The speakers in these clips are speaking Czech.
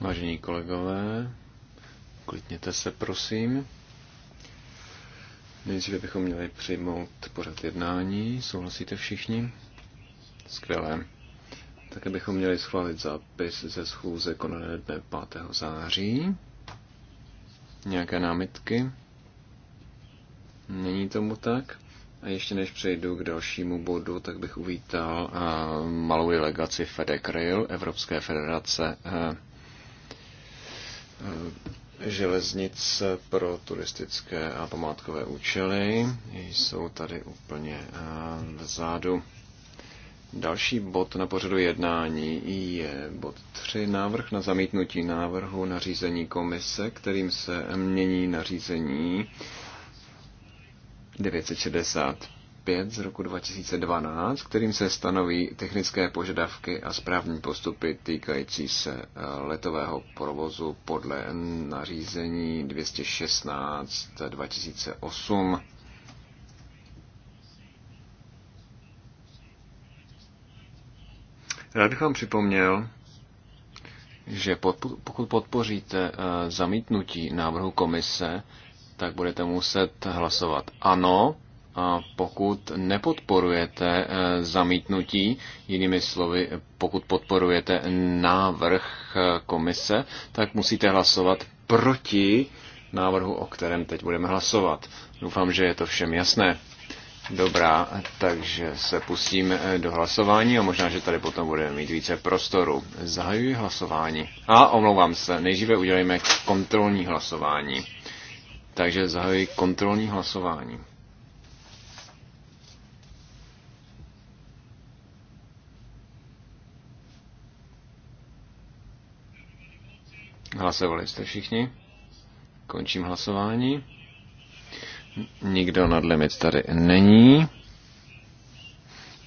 Vážení kolegové, klidněte se, prosím. Nejdříve bychom měli přijmout pořad jednání. Souhlasíte všichni? Skvělé. Také bychom měli schválit zápis ze schůze konané dne 5. září. Nějaké námitky? Není tomu tak? A ještě než přejdu k dalšímu bodu, tak bych uvítal eh, malou delegaci FedEx Rail, Evropské federace eh, eh, železnic pro turistické a památkové účely. Jsou tady úplně vzadu. Další bod na pořadu jednání je bod 3, návrh na zamítnutí návrhu nařízení komise, kterým se mění nařízení 965 z roku 2012, kterým se stanoví technické požadavky a správní postupy týkající se eh, letového provozu podle nařízení 216 2008. Rád bych vám připomněl, že pokud podpoříte eh, zamítnutí návrhu komise, tak budete muset hlasovat ano. A pokud nepodporujete eh, zamítnutí, jinými slovy, pokud podporujete návrh eh, komise, tak musíte hlasovat proti návrhu, o kterém teď budeme hlasovat. Doufám, že je to všem jasné. Dobrá, takže se pustíme eh, do hlasování a možná, že tady potom budeme mít více prostoru. Zahajuji hlasování. A omlouvám se, nejdříve udělejme kontrolní hlasování. Takže zahajuji kontrolní hlasování. Hlasovali jste všichni? Končím hlasování. Nikdo nad limit tady není.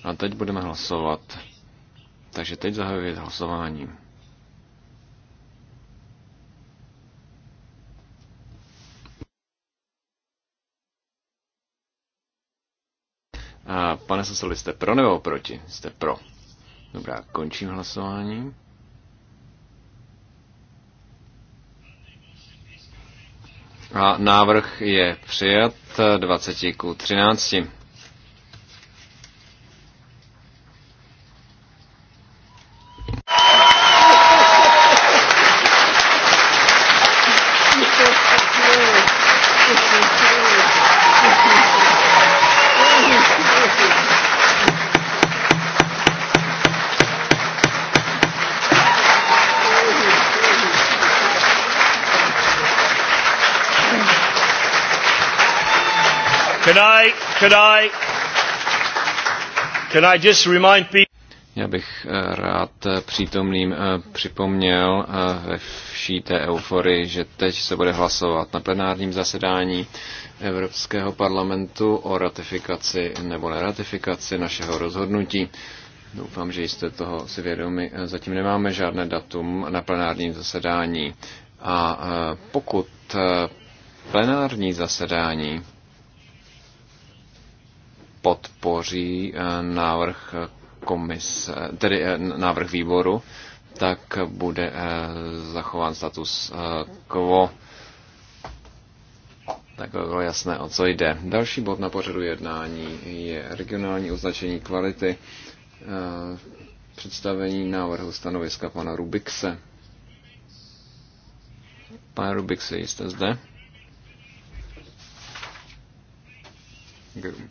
A teď budeme hlasovat. Takže teď zahajuji hlasování. A pane Sasoli, jste pro nebo proti? Jste pro. Dobrá, končím hlasování. A návrh je přijat 20 ku 13. Já bych eh, rád eh, přítomným eh, připomněl ve vší té euforii, že teď se bude hlasovat na plenárním zasedání Evropského parlamentu o ratifikaci nebo neratifikaci našeho rozhodnutí. Doufám, že jste toho si vědomi. Zatím nemáme žádné datum na plenárním zasedání. A pokud plenární zasedání podpoří eh, návrh komis, tedy eh, návrh výboru, tak bude eh, zachován status quo. Tak bylo jasné, o co jde. Další bod na pořadu jednání je regionální označení kvality představení návrhu stanoviska pana Rubikse. Pane Rubikse, jste zde?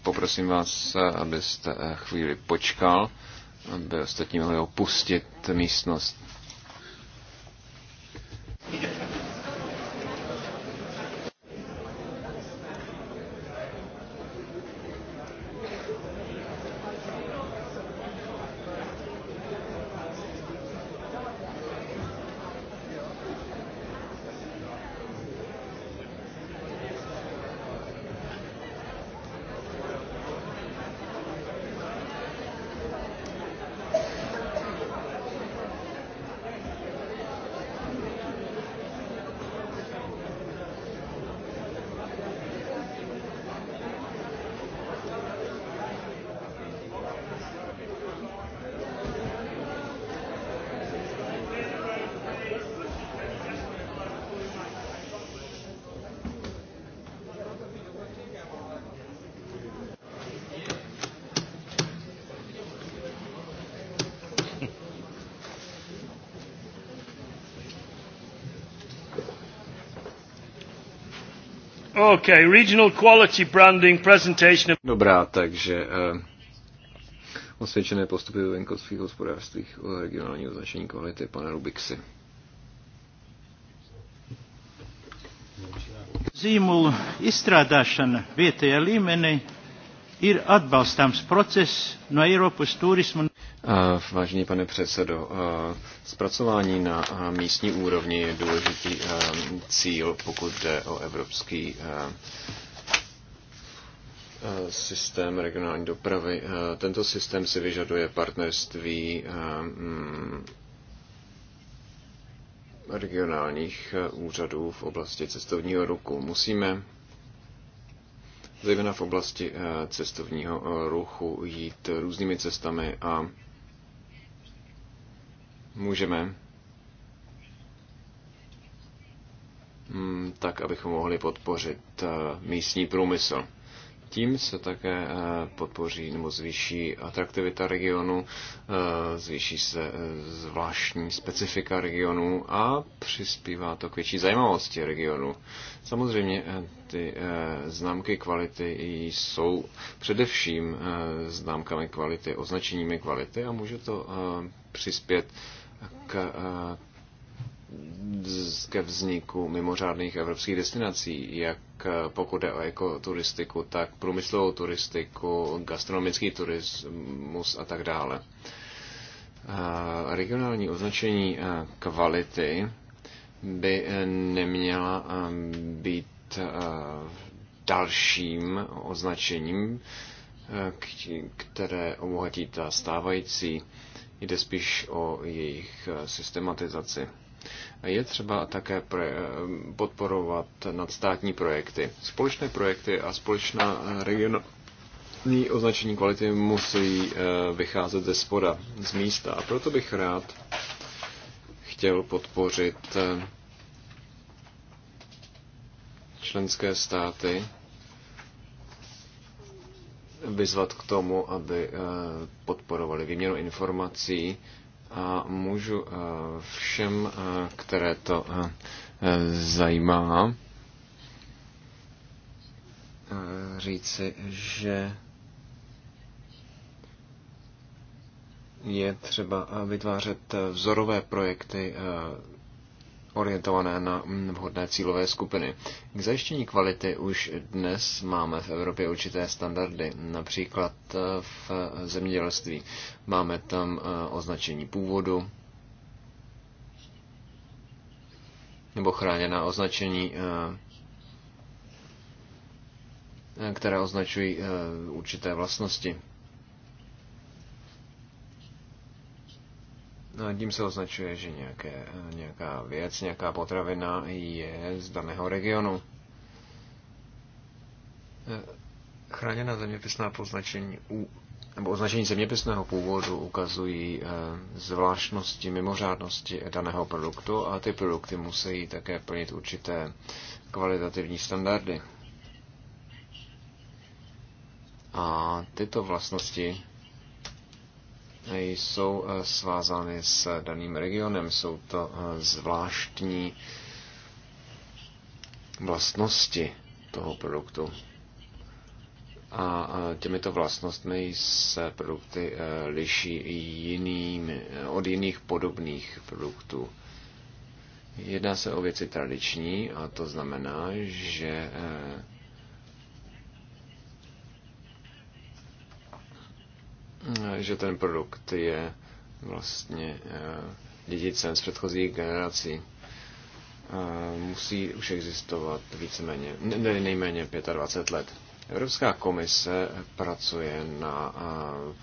Poprosím vás, abyste eh, chvíli počkal, aby ostatní mohli opustit místnost. Okay, regional quality branding presentation. Dobrá, takže uh, osvědčené postupy ve venkovských hospodářstvích o regionálního označení kvality, pane Rubixi. Zímul izstrādāšana vietējā līmenī ir atbalstāms process no Eiropas turismu. Vážený pane předsedo, zpracování na místní úrovni je důležitý cíl, pokud jde o evropský systém regionální dopravy. Tento systém si vyžaduje partnerství mm, regionálních úřadů v oblasti cestovního ruku. Musíme zejména v oblasti cestovního ruchu jít různými cestami a můžeme, mm, tak abychom mohli podpořit eh, místní průmysl. Tím se také eh, podpoří nebo zvýší atraktivita regionu, eh, zvýší se zvláštní specifika regionu a přispívá to k větší zajímavosti regionu. Samozřejmě ty známky kvality jsou především známkami kvality, označeními kvality a může to přispět k, eh, ke vzniku mimořádných evropských destinací, jak eh, pokud jde o ekoturistiku, tak průmyslovou turistiku, gastronomický turismus a tak dále. Eh, regionální označení kvality by neměla být dalším označením, které obohatí ta stávající Jde spíš o jejich eh, systematizaci. Je třeba také eh, podporovat nadstátní projekty. Společné projekty a společná eh, regionální označení kvality musí vycházet ze spoda, z místa. A proto bych rád chtěl podpořit členské státy vyzvat k tomu, aby eh, podporovali výměnu informací a můžu eh, všem, eh, které to zajímá, říci, že je třeba vytvářet vzorové projekty orientované na vhodné cílové skupiny. K zajištění kvality už dnes máme v Evropě určité standardy, například eh, v zemědělství. Máme tam eh, označení původu nebo chráněná označení, eh, které označují určité vlastnosti. A no, tím se označuje, že nějaké, nějaká věc, nějaká potravina je z daného regionu. Eh, chráněná zeměpisná poznačení u nebo označení zeměpisného původu ukazují eh, zvláštnosti, mimořádnosti daného produktu a ty produkty musí také plnit určité kvalitativní standardy. A tyto vlastnosti jsou eh, svázány s daným regionem. Jsou to eh, zvláštní vlastnosti toho produktu. A eh, těmito vlastnostmi se produkty liší jiným, od jiných podobných produktů. Jedná se o věci tradiční a to znamená, že že ten produkt je vlastně eh, dědicem z předchozích generací. Musí už existovat víceméně, ne, nejméně 25 let. Evropská komise pracuje na eh,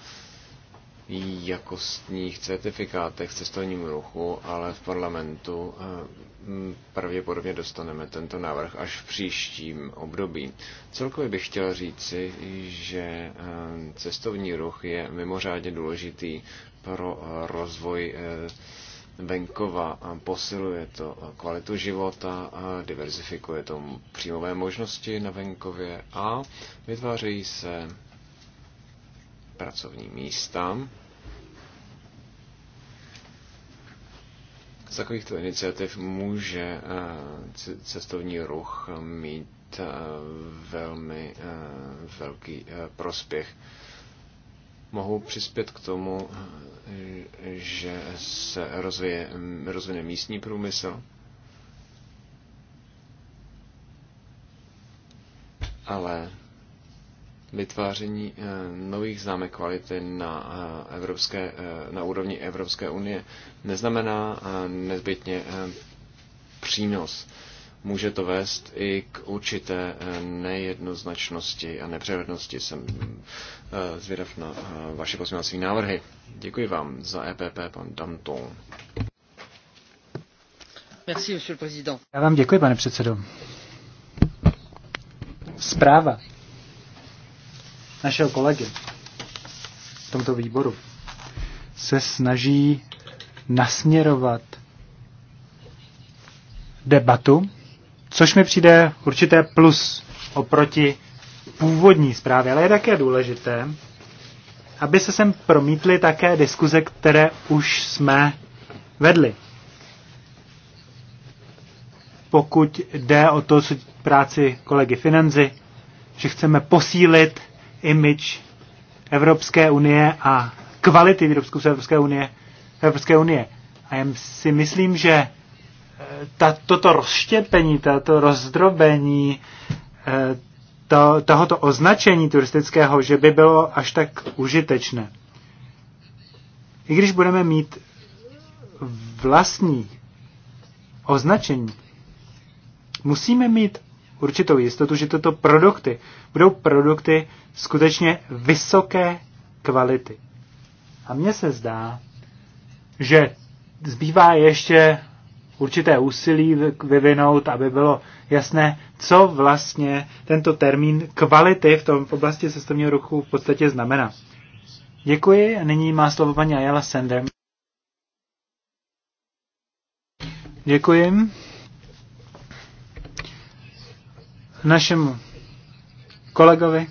jakostních certifikátech cestovnímu ruchu, ale v parlamentu eh, pravděpodobně dostaneme tento návrh až v příštím období. Celkově bych chtěl říci, že eh, cestovní ruch je mimořádně důležitý pro rozvoj eh, venkova, posiluje to kvalitu života, diverzifikuje to příjmové možnosti na venkově a vytvářejí se pracovní místa Z takovýchto iniciativ může eh, cestovní ruch mít eh, velmi eh, velký prospěch. Mohou přispět k tomu, že se rozvije, mm, rozvine místní průmysl, ale vytváření eh, nových známek kvality na, eh, evropské, eh, na úrovni Evropské unie neznamená nezbytně přínos. Může to vést i k určité nejednoznačnosti a nepřehlednosti. Jsem zvědav na vaše pozměňovací návrhy. Děkuji vám za EPP, pan Danton. Merci, Já vám děkuji, pane předsedo. Zpráva našeho kolegy v tomto výboru se snaží nasměrovat debatu, což mi přijde určité plus oproti původní zprávě, ale je také důležité, aby se sem promítly také diskuze, které už jsme vedli. Pokud jde o to, co práci kolegy Finanzi, že chceme posílit image Evropské unie a kvality výrobků z Evropské unie, Evropské unie. A já si myslím, že eh, ta, toto rozštěpení, toto rozdrobení eh, to, tohoto označení turistického, že by bylo až tak užitečné. I když budeme mít vlastní označení, musíme mít určitou jistotu, že tyto produkty budou produkty skutečně vysoké kvality. A mně se zdá, že zbývá ještě určité úsilí vyvinout, aby bylo jasné, co vlastně tento termín kvality v tom v oblasti cestovního ruchu v podstatě znamená. Děkuji. Nyní má slovo paní Ayala Sender. Děkuji. našemu kolegovi.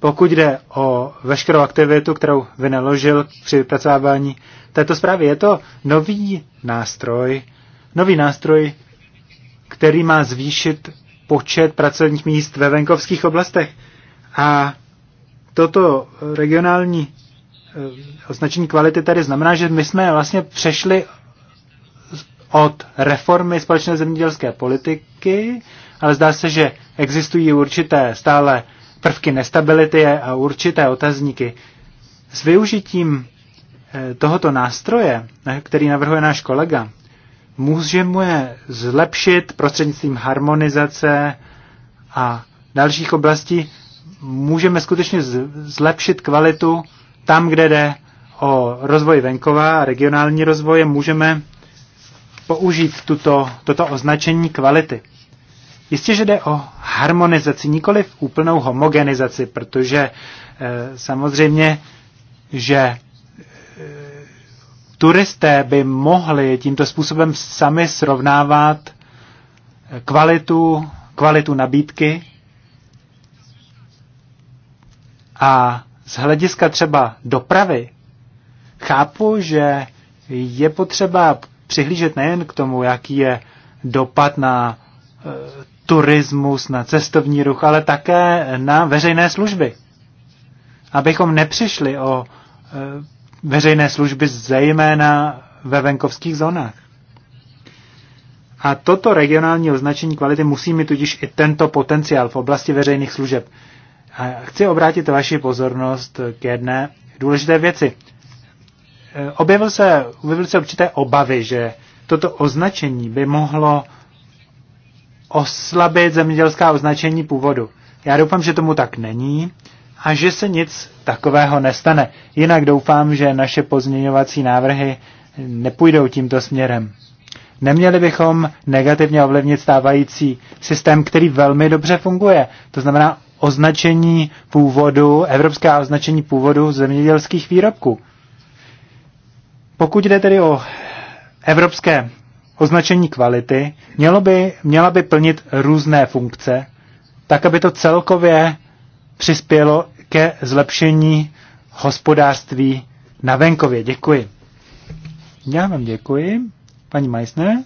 Pokud jde o veškerou aktivitu, kterou vynaložil při vypracování této zprávy, je to nový nástroj, nový nástroj, který má zvýšit počet pracovních míst ve venkovských oblastech. A toto regionální eh, označení kvality tady znamená, že my jsme vlastně přešli od reformy společné zemědělské politiky ale zdá se, že existují určité stále prvky nestability a určité otazníky. S využitím eh, tohoto nástroje, eh, který navrhuje náš kolega, můžeme zlepšit prostřednictvím harmonizace a dalších oblastí, můžeme skutečně zlepšit kvalitu tam, kde jde o rozvoj venkova a regionální rozvoje, můžeme použít tuto, toto označení kvality. Jistě, že jde o harmonizaci, nikoli v úplnou homogenizaci, protože e, samozřejmě, že e, turisté by mohli tímto způsobem sami srovnávat eh, kvalitu, kvalitu nabídky a z hlediska třeba dopravy chápu, že je potřeba přihlížet nejen k tomu, jaký je dopad na turismus, na cestovní ruch, ale také na veřejné služby. Abychom nepřišli o e, veřejné služby zejména ve venkovských zónách. A toto regionální označení kvality musí mít tudíž i tento potenciál v oblasti veřejných služeb. A chci obrátit vaši pozornost k jedné důležité věci. E, objevil se, objevil se určité obavy, že toto označení by mohlo oslabit zemědělská označení původu. Já doufám, že tomu tak není a že se nic takového nestane. Jinak doufám, že naše pozměňovací návrhy nepůjdou tímto směrem. Neměli bychom negativně ovlivnit stávající systém, který velmi dobře funguje. To znamená označení původu, evropská označení původu zemědělských výrobků. Pokud jde tedy o evropské označení kvality mělo by, měla by plnit různé funkce, tak aby to celkově přispělo ke zlepšení hospodářství na venkově. Děkuji. Já vám děkuji, paní Majsne.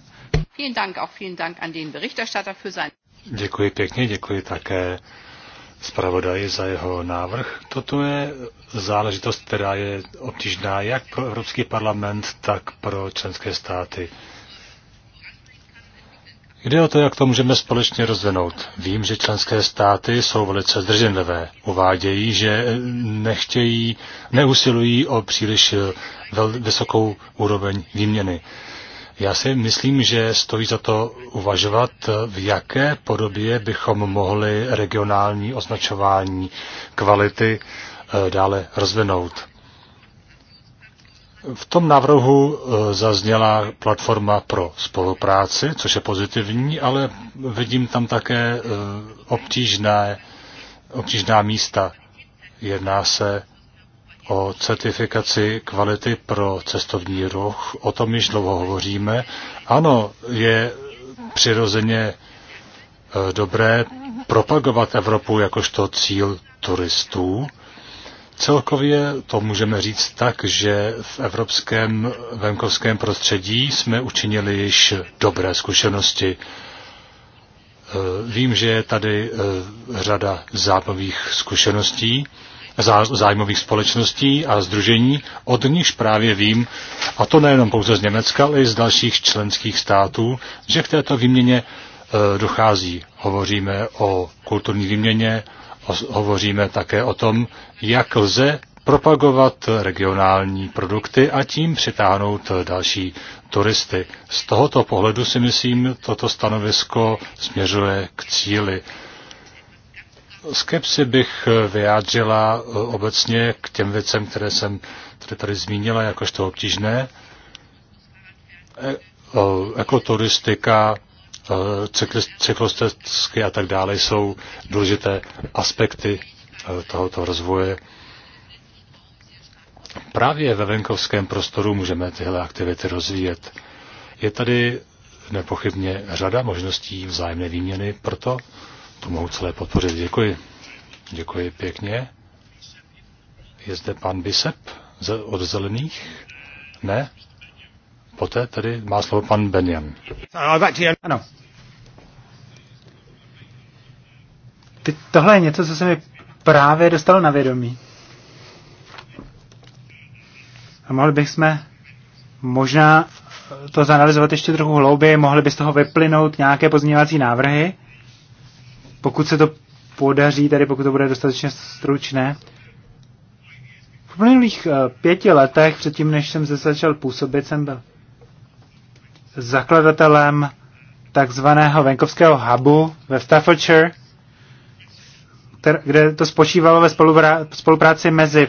Děkuji pěkně, děkuji také zpravodaji za jeho návrh. Toto je záležitost, která je obtížná jak pro Evropský parlament, tak pro členské státy. Jde o to, jak to můžeme společně rozvinout. Vím, že členské státy jsou velice zdrženlivé. Uvádějí, že eh, nechtějí, neusilují o příliš eh, vel, vysokou úroveň výměny. Já si myslím, že stojí za to uvažovat, eh, v jaké podobě bychom mohli regionální označování kvality dále rozvinout. V tom návrhu e, zazněla platforma pro spolupráci, což je pozitivní, ale vidím tam také e, obtížné, obtížná místa. Jedná se o certifikaci kvality pro cestovní ruch, o tom již dlouho hovoříme. Ano, je přirozeně e, dobré propagovat Evropu jakožto cíl turistů, Celkově to můžeme říct tak, že v evropském venkovském prostředí jsme učinili již dobré zkušenosti. E, vím, že je tady e, řada zábavých zkušeností, zájmových společností a združení, od nichž právě vím, a to nejenom pouze z Německa, ale i z dalších členských států, že k této výměně e, dochází. Hovoříme o kulturní výměně, Hovoříme také o tom, jak lze propagovat regionální produkty a tím přitáhnout další turisty. Z tohoto pohledu si myslím, toto stanovisko směřuje k cíli. Skepsi bych vyjádřila eh, obecně k těm věcem, které jsem tady, tady zmínila, jakožto obtížné. E- ekoturistika, Eh, cyklostezky a tak dále jsou důležité aspekty eh, tohoto rozvoje. Právě ve venkovském prostoru můžeme tyhle aktivity rozvíjet. Je tady nepochybně řada možností vzájemné výměny, proto to mohu celé podpořit. Děkuji. Děkuji pěkně. Je zde pan Bisep od Zelených? Ne? Poté tedy má slovo pan Benjamin. Ano, Ty, tohle je něco, co se mi právě dostalo na vědomí. A mohli bychom možná to zanalizovat ještě trochu hlouběji, mohli by z toho vyplynout nějaké pozměňovací návrhy, pokud se to podaří, tedy pokud to bude dostatečně stručné. V minulých eh, pěti letech, předtím než jsem se začal působit, jsem byl zakladatelem takzvaného venkovského hubu ve Staffordshire, kde to spočívalo ve spolupráci mezi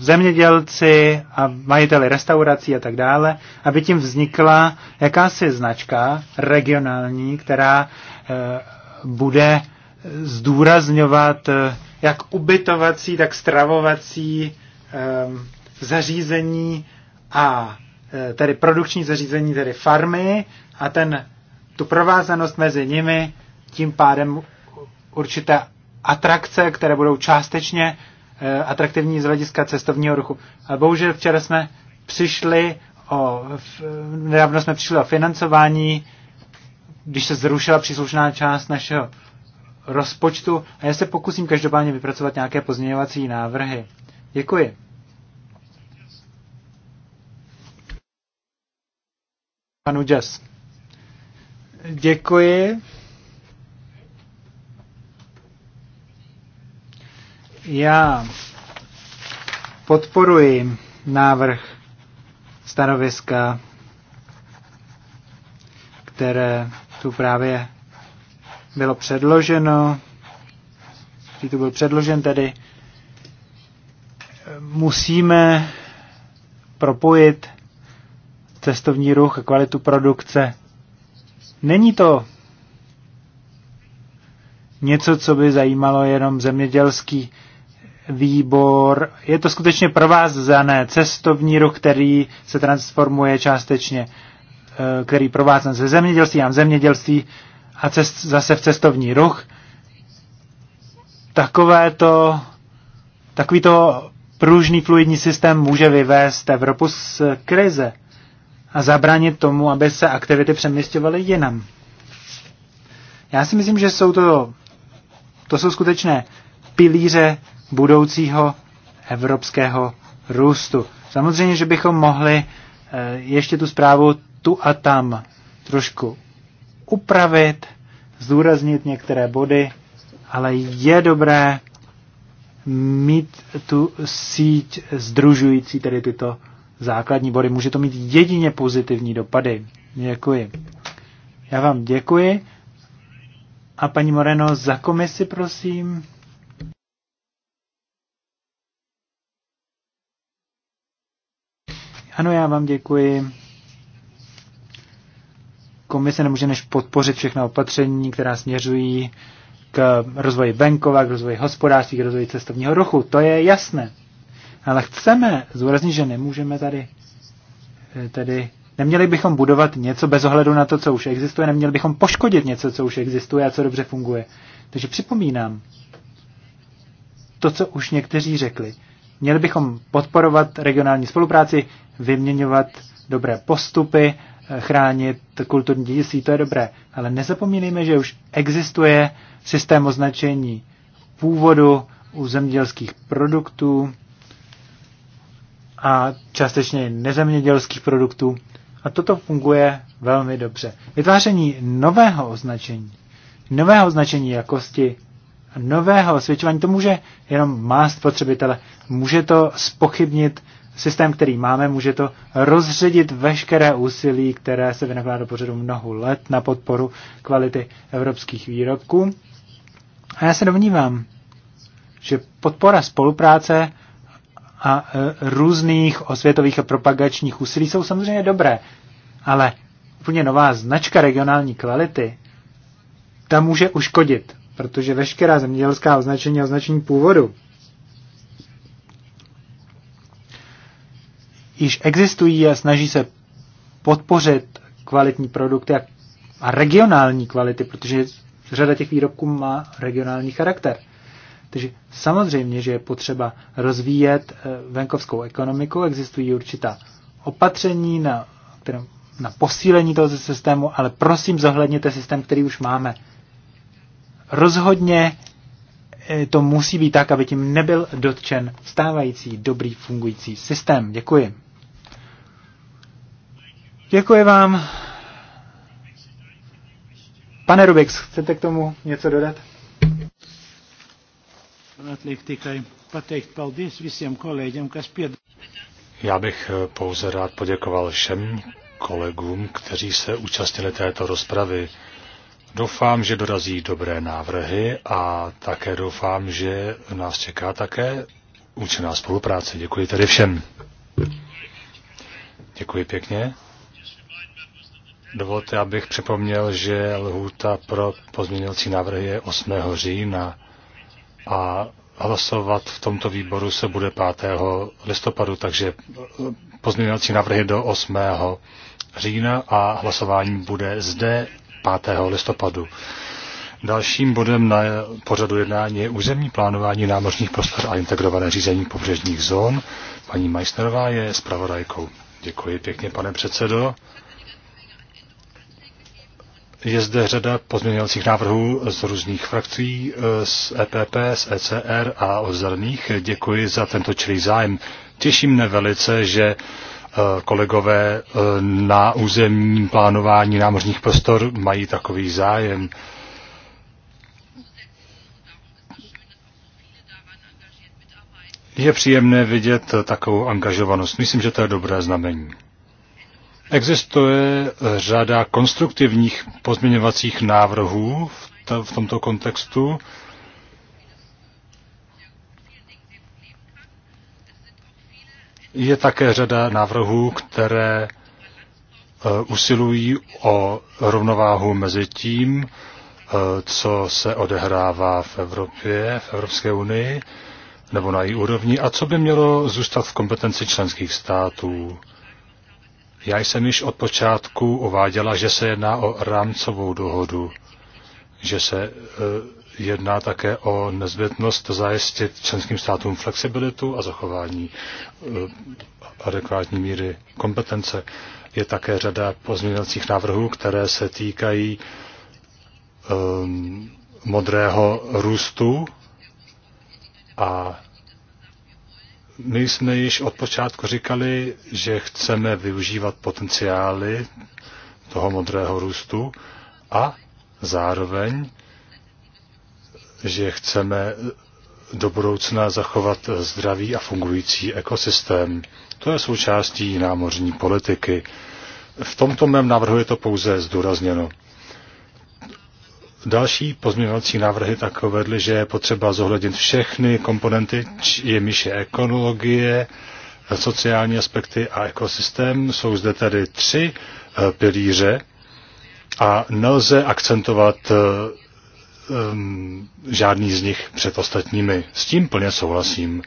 zemědělci a majiteli restaurací a tak dále, aby tím vznikla jakási značka regionální, která eh, bude zdůrazňovat eh, jak ubytovací, tak stravovací eh, zařízení a tedy produkční zařízení, tedy farmy a ten, tu provázanost mezi nimi tím pádem určitá atrakce, které budou částečně eh, atraktivní z hlediska cestovního ruchu. Ale bohužel včera jsme přišli o, nedávno jsme přišli o financování, když se zrušila příslušná část našeho rozpočtu a já se pokusím každopádně vypracovat nějaké pozměňovací návrhy. Děkuji. Panu Děkuji. Já podporuji návrh stanoviska, které tu právě bylo předloženo, který tu byl předložen tedy, eh, musíme propojit cestovní ruch a kvalitu produkce. Není to něco, co by zajímalo jenom zemědělský výbor. Je to skutečně zané cestovní ruch, který se transformuje částečně, eh, který vás ze zemědělství a zemědělství a cest, zase v cestovní ruch. Takové to, takový to pružný fluidní systém může vyvést Evropu z krize a zabránit tomu, aby se aktivity přeměstěvaly jinam. Já si myslím, že jsou to, to jsou skutečné pilíře budoucího evropského růstu. Samozřejmě, že bychom mohli eh, ještě tu zprávu tu a tam trošku upravit, zdůraznit některé body, ale je dobré mít tu síť združující tedy tyto základní body. Může to mít jedině pozitivní dopady. Děkuji. Já vám děkuji. A paní Moreno, za komisi prosím. Ano, já vám děkuji. Komise nemůže než podpořit všechna opatření, která směřují k rozvoji venkova, k rozvoji hospodářství, k rozvoji cestovního ruchu. To je jasné. Ale chceme zúraznit, že nemůžeme tady, eh, tady Neměli bychom budovat něco bez ohledu na to, co už existuje, neměli bychom poškodit něco, co už existuje a co dobře funguje. Takže připomínám to, co už někteří řekli, Měli bychom podporovat regionální spolupráci, vyměňovat dobré postupy, eh, chránit kulturní dědictví, to je dobré. Ale nezapomínejme, že už existuje systém označení původu u zemědělských produktů a částečně nezemědělských produktů. A toto funguje velmi dobře. Vytváření nového označení, nového označení jakosti nového osvědčování, to může jenom mást potřebitele, může to spochybnit systém, který máme, může to rozředit veškeré úsilí, které se vynakládá do pořadu mnohu let na podporu kvality evropských výrobků. A já se domnívám, že podpora spolupráce a e, různých osvětových a propagačních úsilí jsou samozřejmě dobré, ale úplně nová značka regionální kvality, ta může uškodit protože veškerá zemědělská označení a označení původu již existují a snaží se podpořit kvalitní produkty a, regionální kvality, protože řada těch výrobků má regionální charakter. Takže samozřejmě, že je potřeba rozvíjet eh, venkovskou ekonomiku, existují určitá opatření na, na posílení toho systému, ale prosím zohledněte systém, který už máme rozhodně eh, to musí být tak, aby tím nebyl dotčen stávající dobrý fungující systém. Děkuji. Děkuji vám. Pane Rubix, chcete k tomu něco dodat? Já bych eh, pouze rád poděkoval všem kolegům, kteří se účastnili této rozpravy. Doufám, že dorazí dobré návrhy a také doufám, že nás čeká také účinná spolupráce. Děkuji tedy všem. Děkuji pěkně. Dovolte, abych připomněl, že lhůta pro pozměňovací návrhy je 8. října a hlasovat v tomto výboru se bude 5. listopadu, takže pozměňovací návrhy do 8. října a hlasování bude zde 5. listopadu. Dalším bodem na pořadu jednání je územní plánování námořních prostor a integrované řízení pobřežních zón. Paní Majsnerová je zpravodajkou. Děkuji pěkně, pane předsedo. Je zde řada pozměňovacích návrhů z různých frakcí, z EPP, z ECR a od zelených. Děkuji za tento čilý zájem. Těším mne velice, že Eh, kolegové eh, na územním plánování námořních prostor mají takový zájem. Je příjemné vidět takovou angažovanost. Myslím, že to je dobré znamení. Existuje eh, řada konstruktivních pozměňovacích návrhů v tomto kontextu. Je také řada návrhů, které eh, usilují o rovnováhu mezi tím, eh, co se odehrává v Evropě, v Evropské unii, nebo na její úrovni, a co by mělo zůstat v kompetenci členských států. Já jsem již od počátku uváděla, že se jedná o rámcovou dohodu, že se eh, jedná také o nezbytnost zajistit členským státům flexibilitu a zachování eh, adekvátní míry kompetence. Je také řada pozměňovacích návrhů, které se týkají ehm, modrého růstu a my jsme již od počátku říkali, že chceme využívat potenciály toho modrého růstu a zároveň že chceme do budoucna zachovat zdravý a fungující ekosystém. To je součástí námořní politiky. V tomto mém návrhu je to pouze zdůrazněno. Další pozměňovací návrhy tak vedly, že je potřeba zohlednit všechny komponenty, jimiž je ekologie, sociální aspekty a ekosystém. Jsou zde tedy tři eh, pilíře a nelze akcentovat eh, um, žádný z nich před ostatními. S tím plně souhlasím.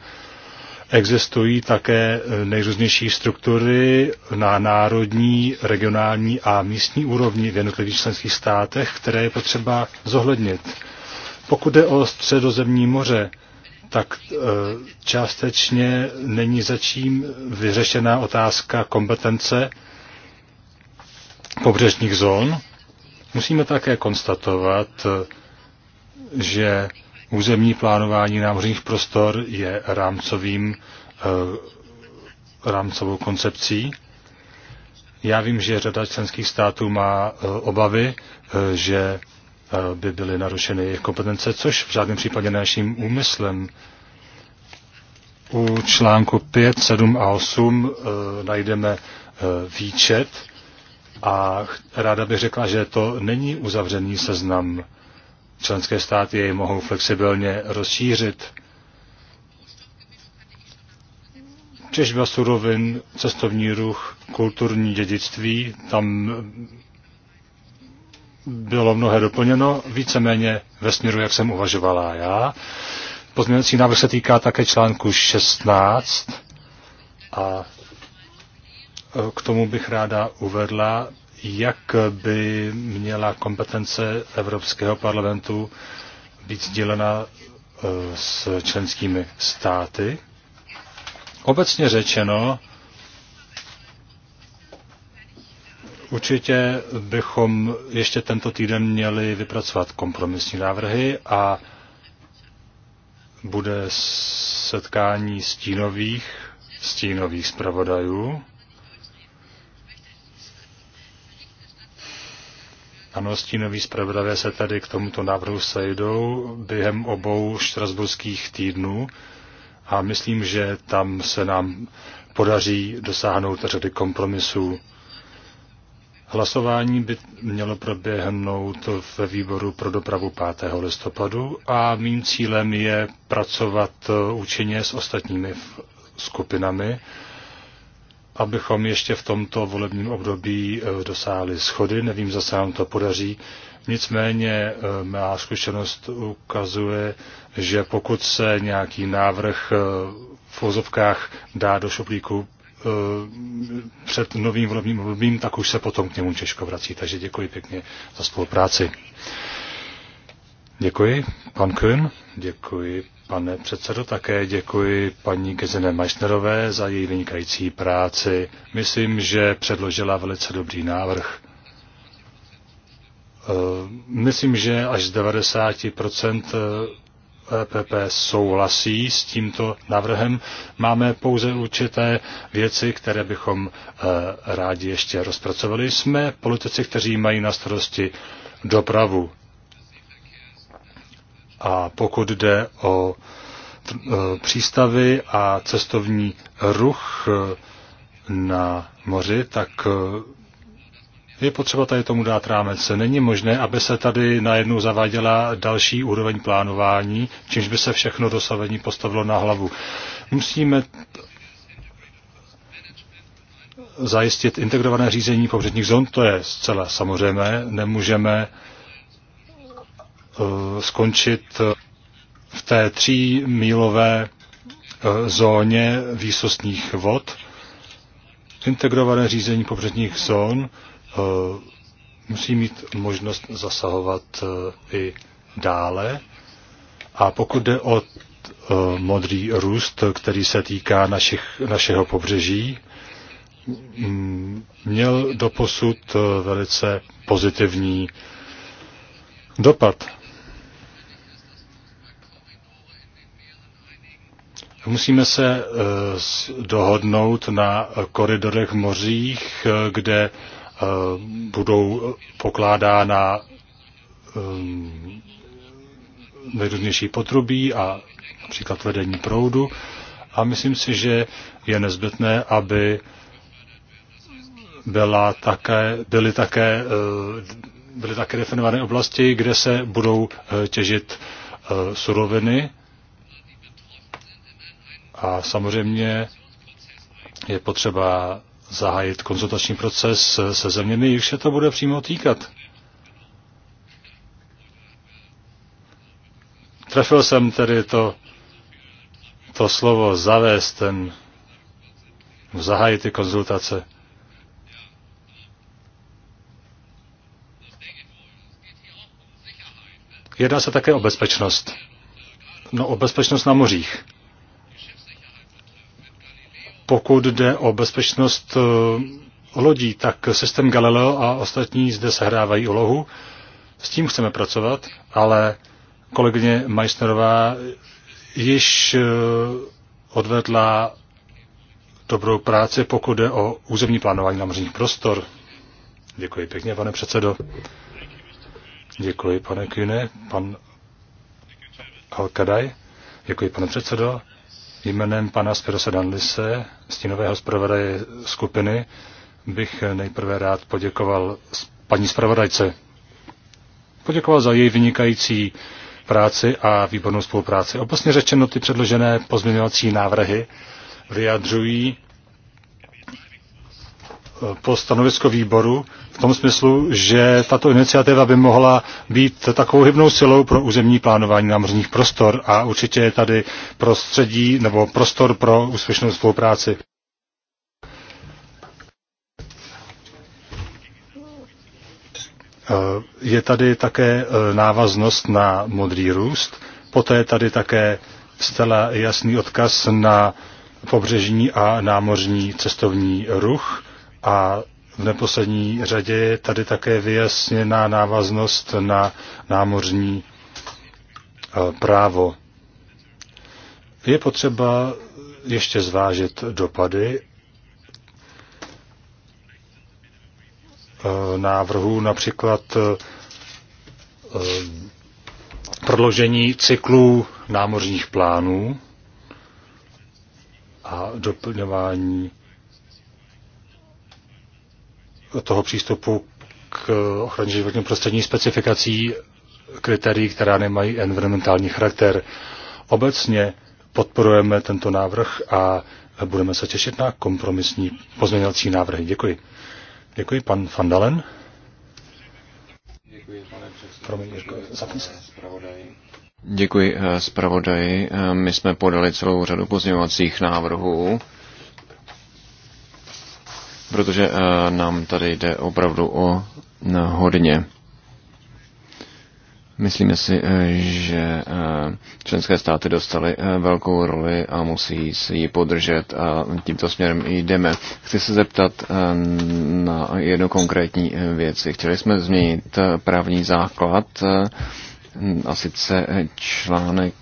Existují také eh, nejrůznější struktury na národní, regionální a místní úrovni v jednotlivých členských státech, které je potřeba zohlednit. Pokud jde o středozemní moře, tak eh, částečně není začím vyřešená otázka kompetence pobřežních zón. Musíme také konstatovat, eh, že územní plánování námořních prostor je rámcovým, eh, rámcovou koncepcí. Já vím, že řada členských států má eh, obavy, eh, že by byly narušeny jejich kompetence, což v žádném případě naším úmyslem. U článku 5, 7 a 8 najdeme výčet a ráda bych řekla, že to není uzavřený seznam Členské státy jej mohou flexibilně rozšířit. Těžba surovin, cestovní ruch, kulturní dědictví, tam bylo mnohé doplněno, víceméně ve směru, jak jsem uvažovala já. Pozměňovací návrh se týká také článku 16 a k tomu bych ráda uvedla, jak by měla kompetence Evropského parlamentu být sdělena eh, s členskými státy. Obecně řečeno, určitě bychom ještě tento týden měli vypracovat kompromisní návrhy a bude setkání stínových, stínových zpravodajů. Ano, stínoví zpravodavé se tady k tomuto návrhu sejdou během obou štrasburských týdnů a myslím, že tam se nám podaří dosáhnout řady kompromisů. Hlasování by mělo proběhnout ve výboru pro dopravu 5. listopadu a mým cílem je pracovat účinně s ostatními skupinami abychom ještě v tomto volebním období eh, dosáhli schody. Nevím, zase nám to podaří. Nicméně eh, má zkušenost ukazuje, že pokud se nějaký návrh eh, v vozovkách dá do šuplíku před novým volebním obdobím, tak už se potom k němu těžko vrací. Takže děkuji pěkně za spolupráci. Děkuji, pan Kuhn. Děkuji, Pane předsedo, také děkuji paní Gezene Meissnerové za její vynikající práci. Myslím, že předložila velice dobrý návrh. Eh, myslím, že až z 90% EPP eh, e souhlasí s tímto návrhem. Máme pouze určité věci, které bychom eh, rádi ještě rozpracovali. Jsme politici, kteří mají na starosti dopravu. A pokud jde o e, přístavy a cestovní ruch e, na moři, tak e, je potřeba tady tomu dát rámec. Není možné, aby se tady najednou zaváděla další úroveň plánování, čímž by se všechno dosavení postavilo na hlavu. Musíme zajistit integrované řízení pobřežních zón, to je zcela samozřejmé. Nemůžeme uh, Eh, skončit eh, v té mílové eh, zóně výsostných vod. Integrované řízení pobřežních zón musí mít možnost zasahovat i dále. A pokud jde o modrý růst, který se týká našich, našeho pobřeží, mm, měl doposud velice pozitivní dopad. Musíme se eh, dohodnout na eh, koridorech mořích, eh, kde budou pokládána ehm, nejrůznější potrubí a například vedení proudu. A myslím si, že je nezbytné, aby byla také, byly také byly také definované oblasti, kde se budou těžit suroviny a samozřejmě je potřeba zahájit konzultační proces se zeměmi, jichž se to bude přímo týkat. Trefil jsem tedy to, to slovo zavést, ten zahájit ty konzultace. Jedná se také o bezpečnost. No o bezpečnost na mořích. Pokud jde o bezpečnost eh, lodí, tak systém Galileo a ostatní zde sehrávají úlohu. S tím chceme pracovat, ale kolegyně Meissnerová již eh, odvedla dobrou práci, pokud jde o územní plánování na prostor. Děkuji pěkně, pane předsedo. Děkuji, pane Kühne, pan Alkadaj. Děkuji, pane předsedo. Jménem pana Spirosa Danlise, stínového zpravodaje skupiny, bych nejprve rád poděkoval paní zpravodajce. Poděkoval za její vynikající práci a výbornou spolupráci. Obecně řečeno, ty předložené pozměňovací návrhy vyjadřují po stanovisko výboru v tom smyslu, že tato iniciativa by mohla být takovou hybnou silou pro územní plánování námořních prostor a určitě je tady prostředí nebo prostor pro úspěšnou spolupráci. Eh, je tady také eh, návaznost na modrý růst, poté je tady také zcela jasný odkaz na pobřežní a námořní cestovní ruch a v neposlední řadě je tady také vyjasněná návaznost na námořní eh, právo. Je potřeba ještě zvážit dopady eh, návrhů, například eh, prodloužení cyklů námořních plánů a doplňování toho přístupu k ochraně životního prostředí specifikací kritérií, která nemají environmentální charakter. Obecně podporujeme tento návrh a budeme se těšit na kompromisní pozměňovací návrhy. Děkuji. Děkuji, pan Fandalen. Děkuji, pane Děkuji, eh, zpravodaji. Eh, my jsme podali celou řadu pozměňovacích návrhů protože eh, nám tady jde opravdu o eh, hodně. Myslíme si, eh, že členské státy dostaly velkou roli a musí si ji podržet a tímto směrem jdeme. Chci se zeptat na jednu konkrétní věc. Chtěli jsme změnit právní základ Hm, a sice eh, článek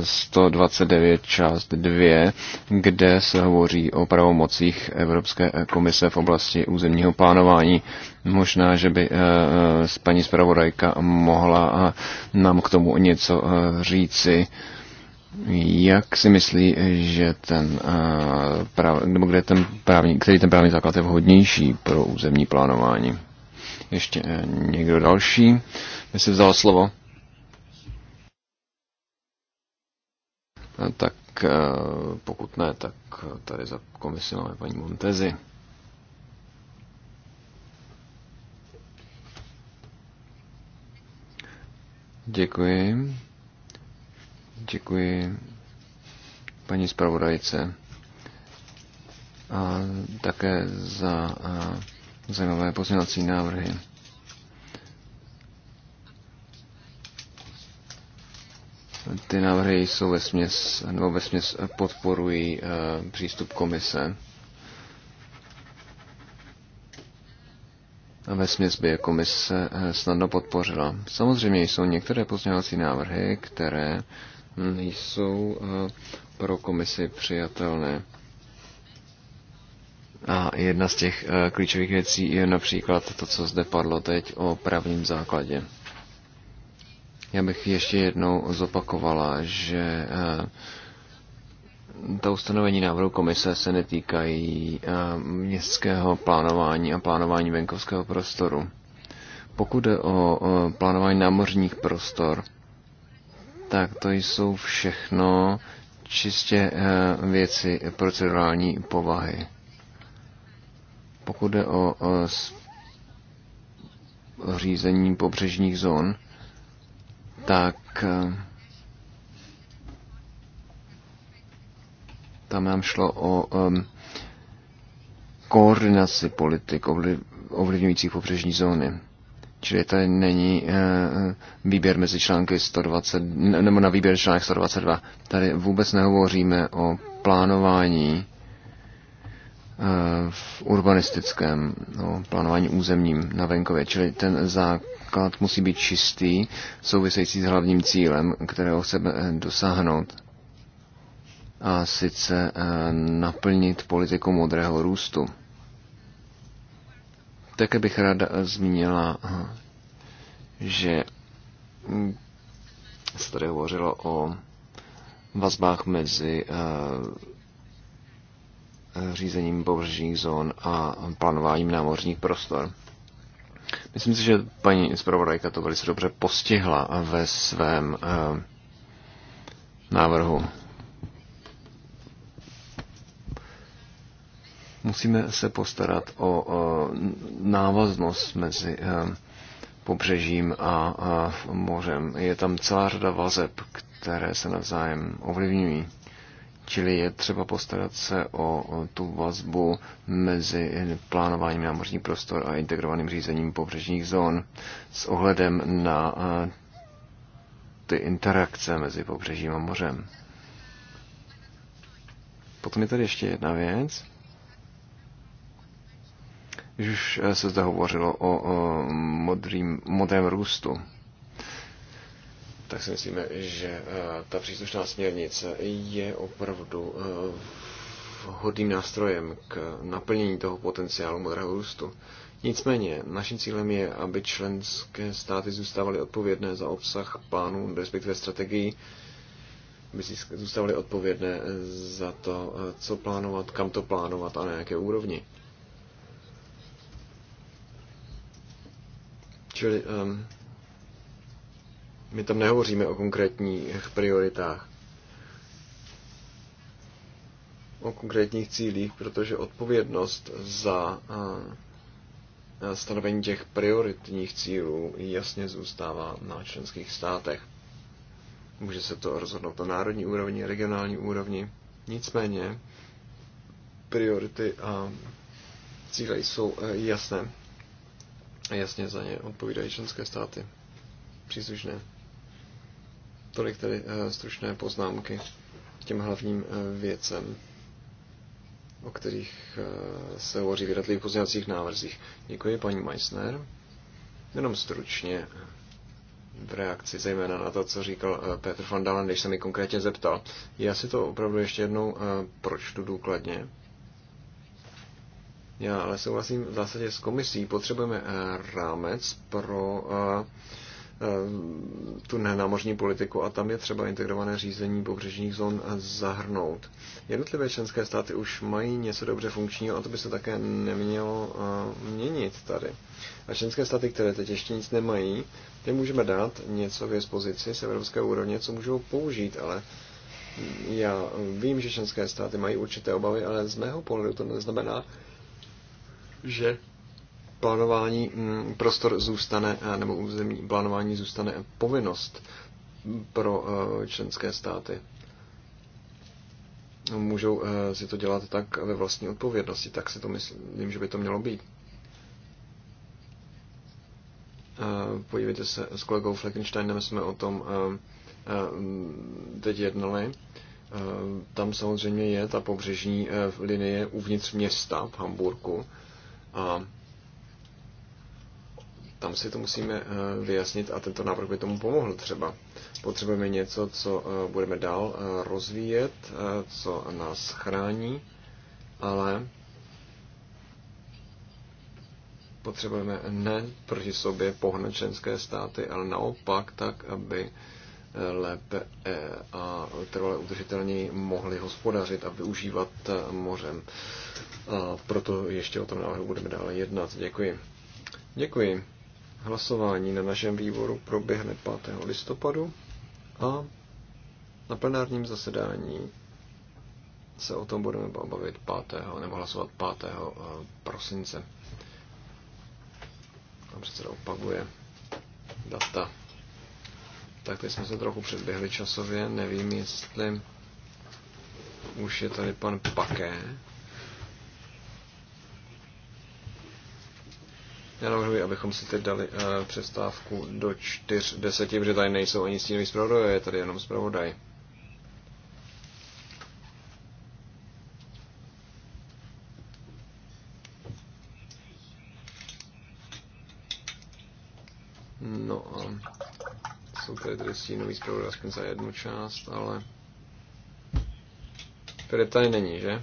129 eh, část 2, kde se hovoří o pravomocích Evropské eh, komise v oblasti územního plánování. Možná, že by paní zpravodajka mohla nám k tomu něco říci. Jak si myslí, že ten, práv, nebo kde ten právní, který ten právní základ je vhodnější pro územní plánování? Ještě někdo další by si vzal slovo? Eh, tak eh, pokud ne, tak tady za komisi máme paní Montezi. Děkuji. Děkuji paní zpravodajce a také za eh, zajímavé pozměnací návrhy. Ty návrhy jsou směs, nebo směs podporují eh, přístup komise. A směs by je komise eh, snadno podpořila. Samozřejmě jsou některé pozměňovací návrhy, které nejsou eh, pro komisi přijatelné. A jedna z těch klíčových věcí je například to, co zde padlo teď o právním základě. Já bych ještě jednou zopakovala, že eh, ta ustanovení návrhu komise se netýkají eh, městského plánování a plánování venkovského prostoru. Pokud jde o plánování námořních prostor, tak to jsou všechno čistě eh, věci procedurální povahy. Pokud jde o řízení pobřežních zón, tak eh, tam nám šlo o um, koordinaci politik ovlivňujících pobřežní zóny. Čili tady není uh, výběr mezi články 120, nebo na výběr článek 122. Tady vůbec nehovoříme o plánování eh, v urbanistickém no, plánování územním na venkově. Čili ten zák, podklad musí být čistý, související s hlavním cílem, kterého chceme eh, dosáhnout. A sice eh, naplnit politiku modrého růstu. Také bych ráda eh, zmínila, že hm, se tady hovořilo o vazbách mezi řízením pobřežních zón a plánováním námořních prostor. Myslím si, že paní zpravodajka to velice dobře postihla ve svém eh, návrhu. Musíme se postarat o návaznost mezi eh, pobřežím a eh, mořem. Je tam celá řada vazeb, které se navzájem ovlivňují. Čili je třeba postarat se o tu vazbu mezi plánováním námořní prostor a integrovaným řízením pobřežních zón s ohledem na ty interakce mezi pobřežím a mořem. Potom je tady ještě jedna věc. Když už se zde hovořilo o, o modrým, modrém růstu, tak si myslíme, že eh, ta příslušná směrnice je opravdu eh, vhodným nástrojem k naplnění toho potenciálu modrého růstu. Nicméně, naším cílem je, aby členské státy zůstávaly odpovědné za obsah plánů, respektive strategií, aby zůstávaly odpovědné za to, eh, co plánovat, kam to plánovat a na jaké úrovni. Čili um, my tam nehovoříme o konkrétních prioritách, o konkrétních cílích, protože odpovědnost za stanovení těch prioritních cílů jasně zůstává na členských státech. Může se to rozhodnout na národní úrovni, regionální úrovni. Nicméně priority a cíle jsou e, jasné a jasně za ně odpovídají členské státy příslušné. Tolik tedy eh, stručné poznámky těm hlavním eh, věcem, o kterých eh, se hovoří v jednotlivých pozměňovacích návrzích. Děkuji, paní Meissner. Jenom stručně v reakci zejména na to, co říkal Petr van Dalen, když se mi konkrétně zeptal. Já si to opravdu ještě jednou pročtu důkladně. Já ale souhlasím v zásadě s komisí. Potřebujeme rámec pro Ehm, tu námořní politiku a tam je třeba integrované řízení pobřežních zón zahrnout. Jednotlivé členské státy už mají něco dobře funkčního a to by se také nemělo eh, měnit tady. A členské státy, které teď ještě nic nemají, ty můžeme dát něco k dispozici z evropské úrovně, co můžou použít, ale já vím, že členské státy mají určité obavy, ale z mého pohledu to neznamená, že plánování mm, prostor zůstane, eh, nebo územní plánování zůstane povinnost pro eh, členské státy. Můžou eh, si to dělat tak ve vlastní odpovědnosti, tak si to myslím, že by to mělo být. Podívejte se, s kolegou Fleckensteinem jsme o tom teď jednali. Tam samozřejmě je ta pobřežní linie uvnitř města v Hamburgu. A tam si to musíme eh, vyjasnit a tento návrh by tomu pomohl třeba. Potřebujeme něco, co eh, budeme dál eh, rozvíjet, co nás chrání, ale potřebujeme ne proti sobě pohnat členské státy, ale naopak tak, aby lépe a trvale udržitelněji mohli hospodařit a využívat mořem. A proto ještě o tom návrhu budeme dále jednat. Děkuji. Děkuji. Hlasování na našem výboru proběhne 5. listopadu a na plenárním zasedání se o tom budeme bavit 5. nebo hlasovat 5. Eh, prosince. Tam předseda opakuje data. Tak teď jsme se trochu předběhli časově, nevím, jestli už je tady pan Paké. Já navrhuji, abychom si teď dali uh, přestávku do čtyř deseti, protože tady nejsou ani stínový zpravodaj, je tady jenom zpravodaj. No a jsou tady tady stínový zpravodaj aspoň za jednu část, ale... tady tady není, že?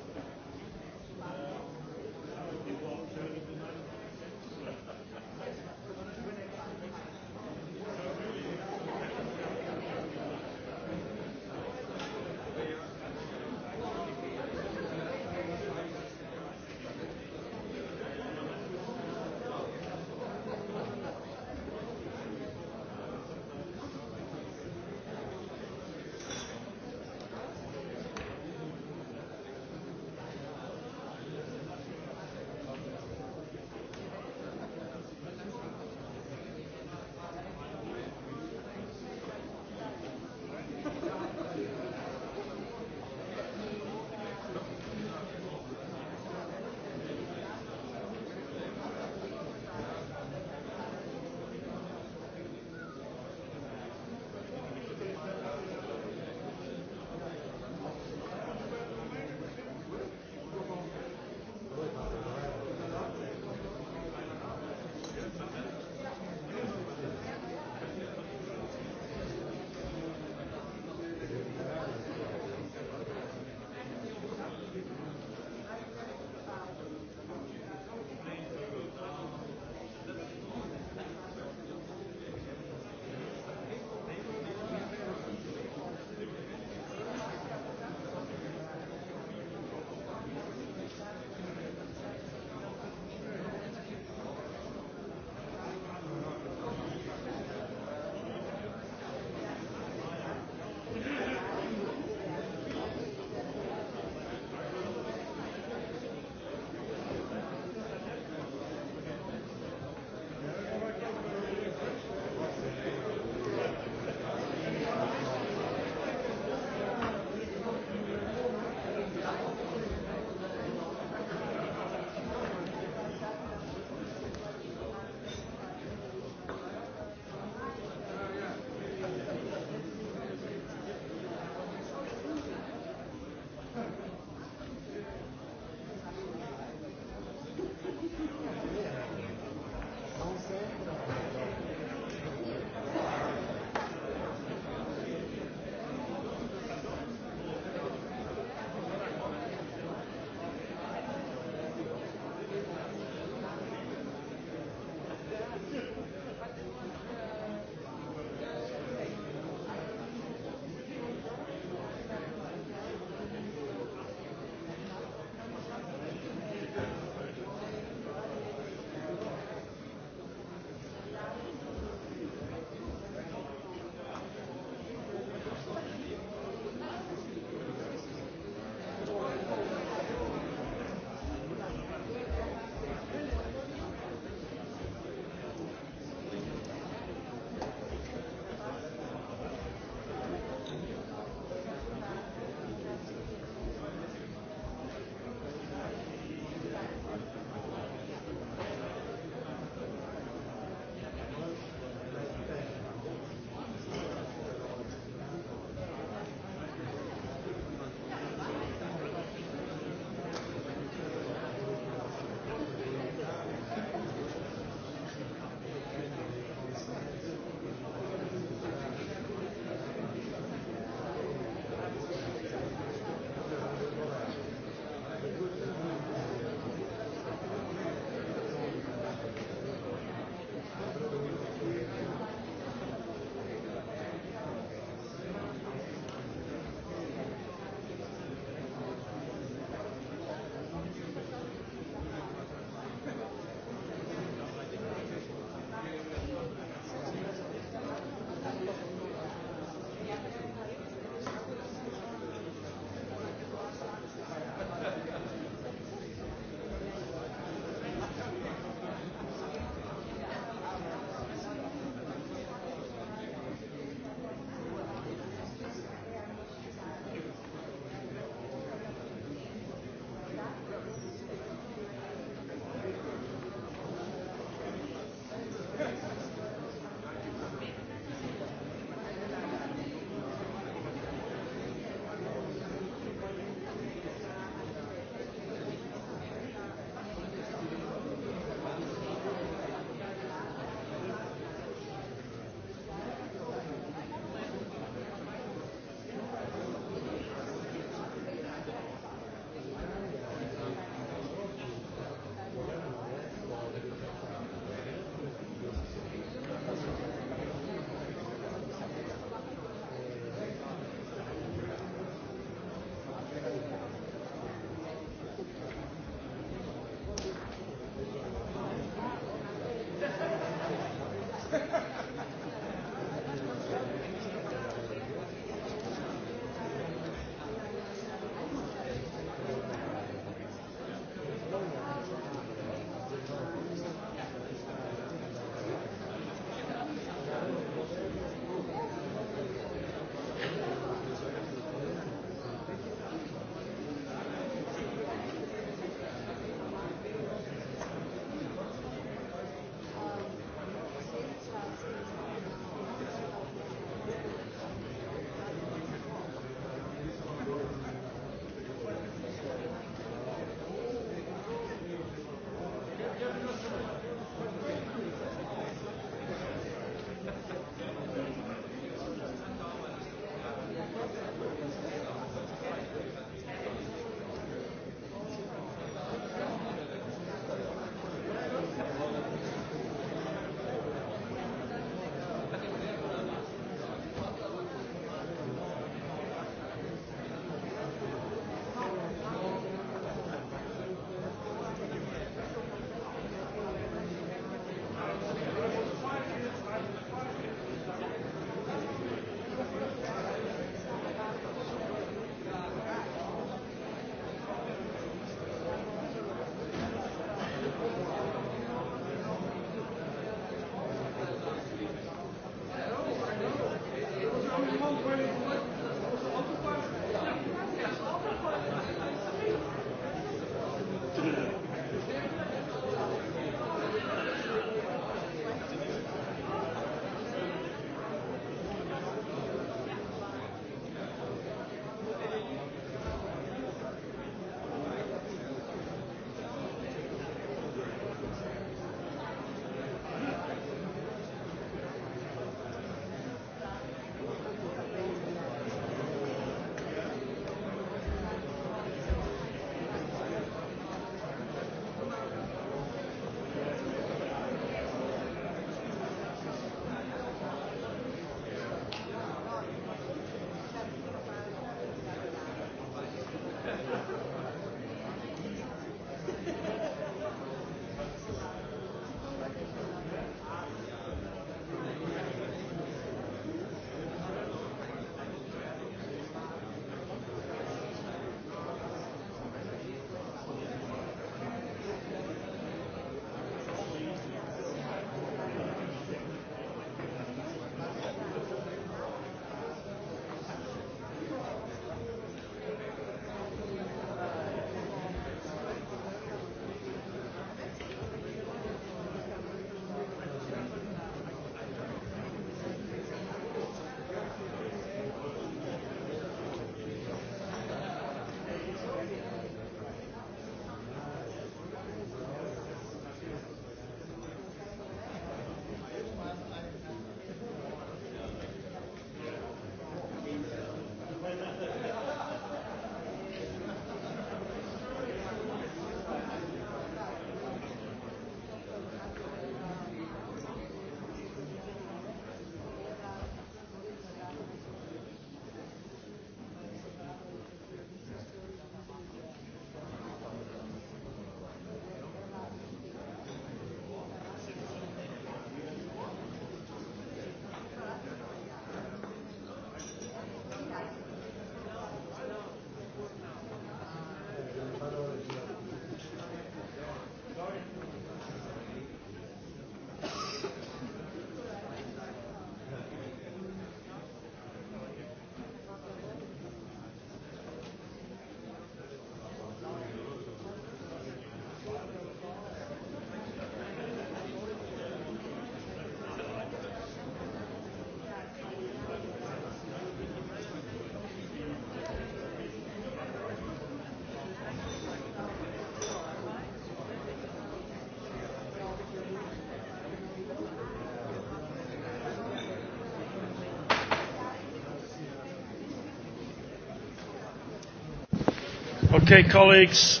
Okay, colleagues.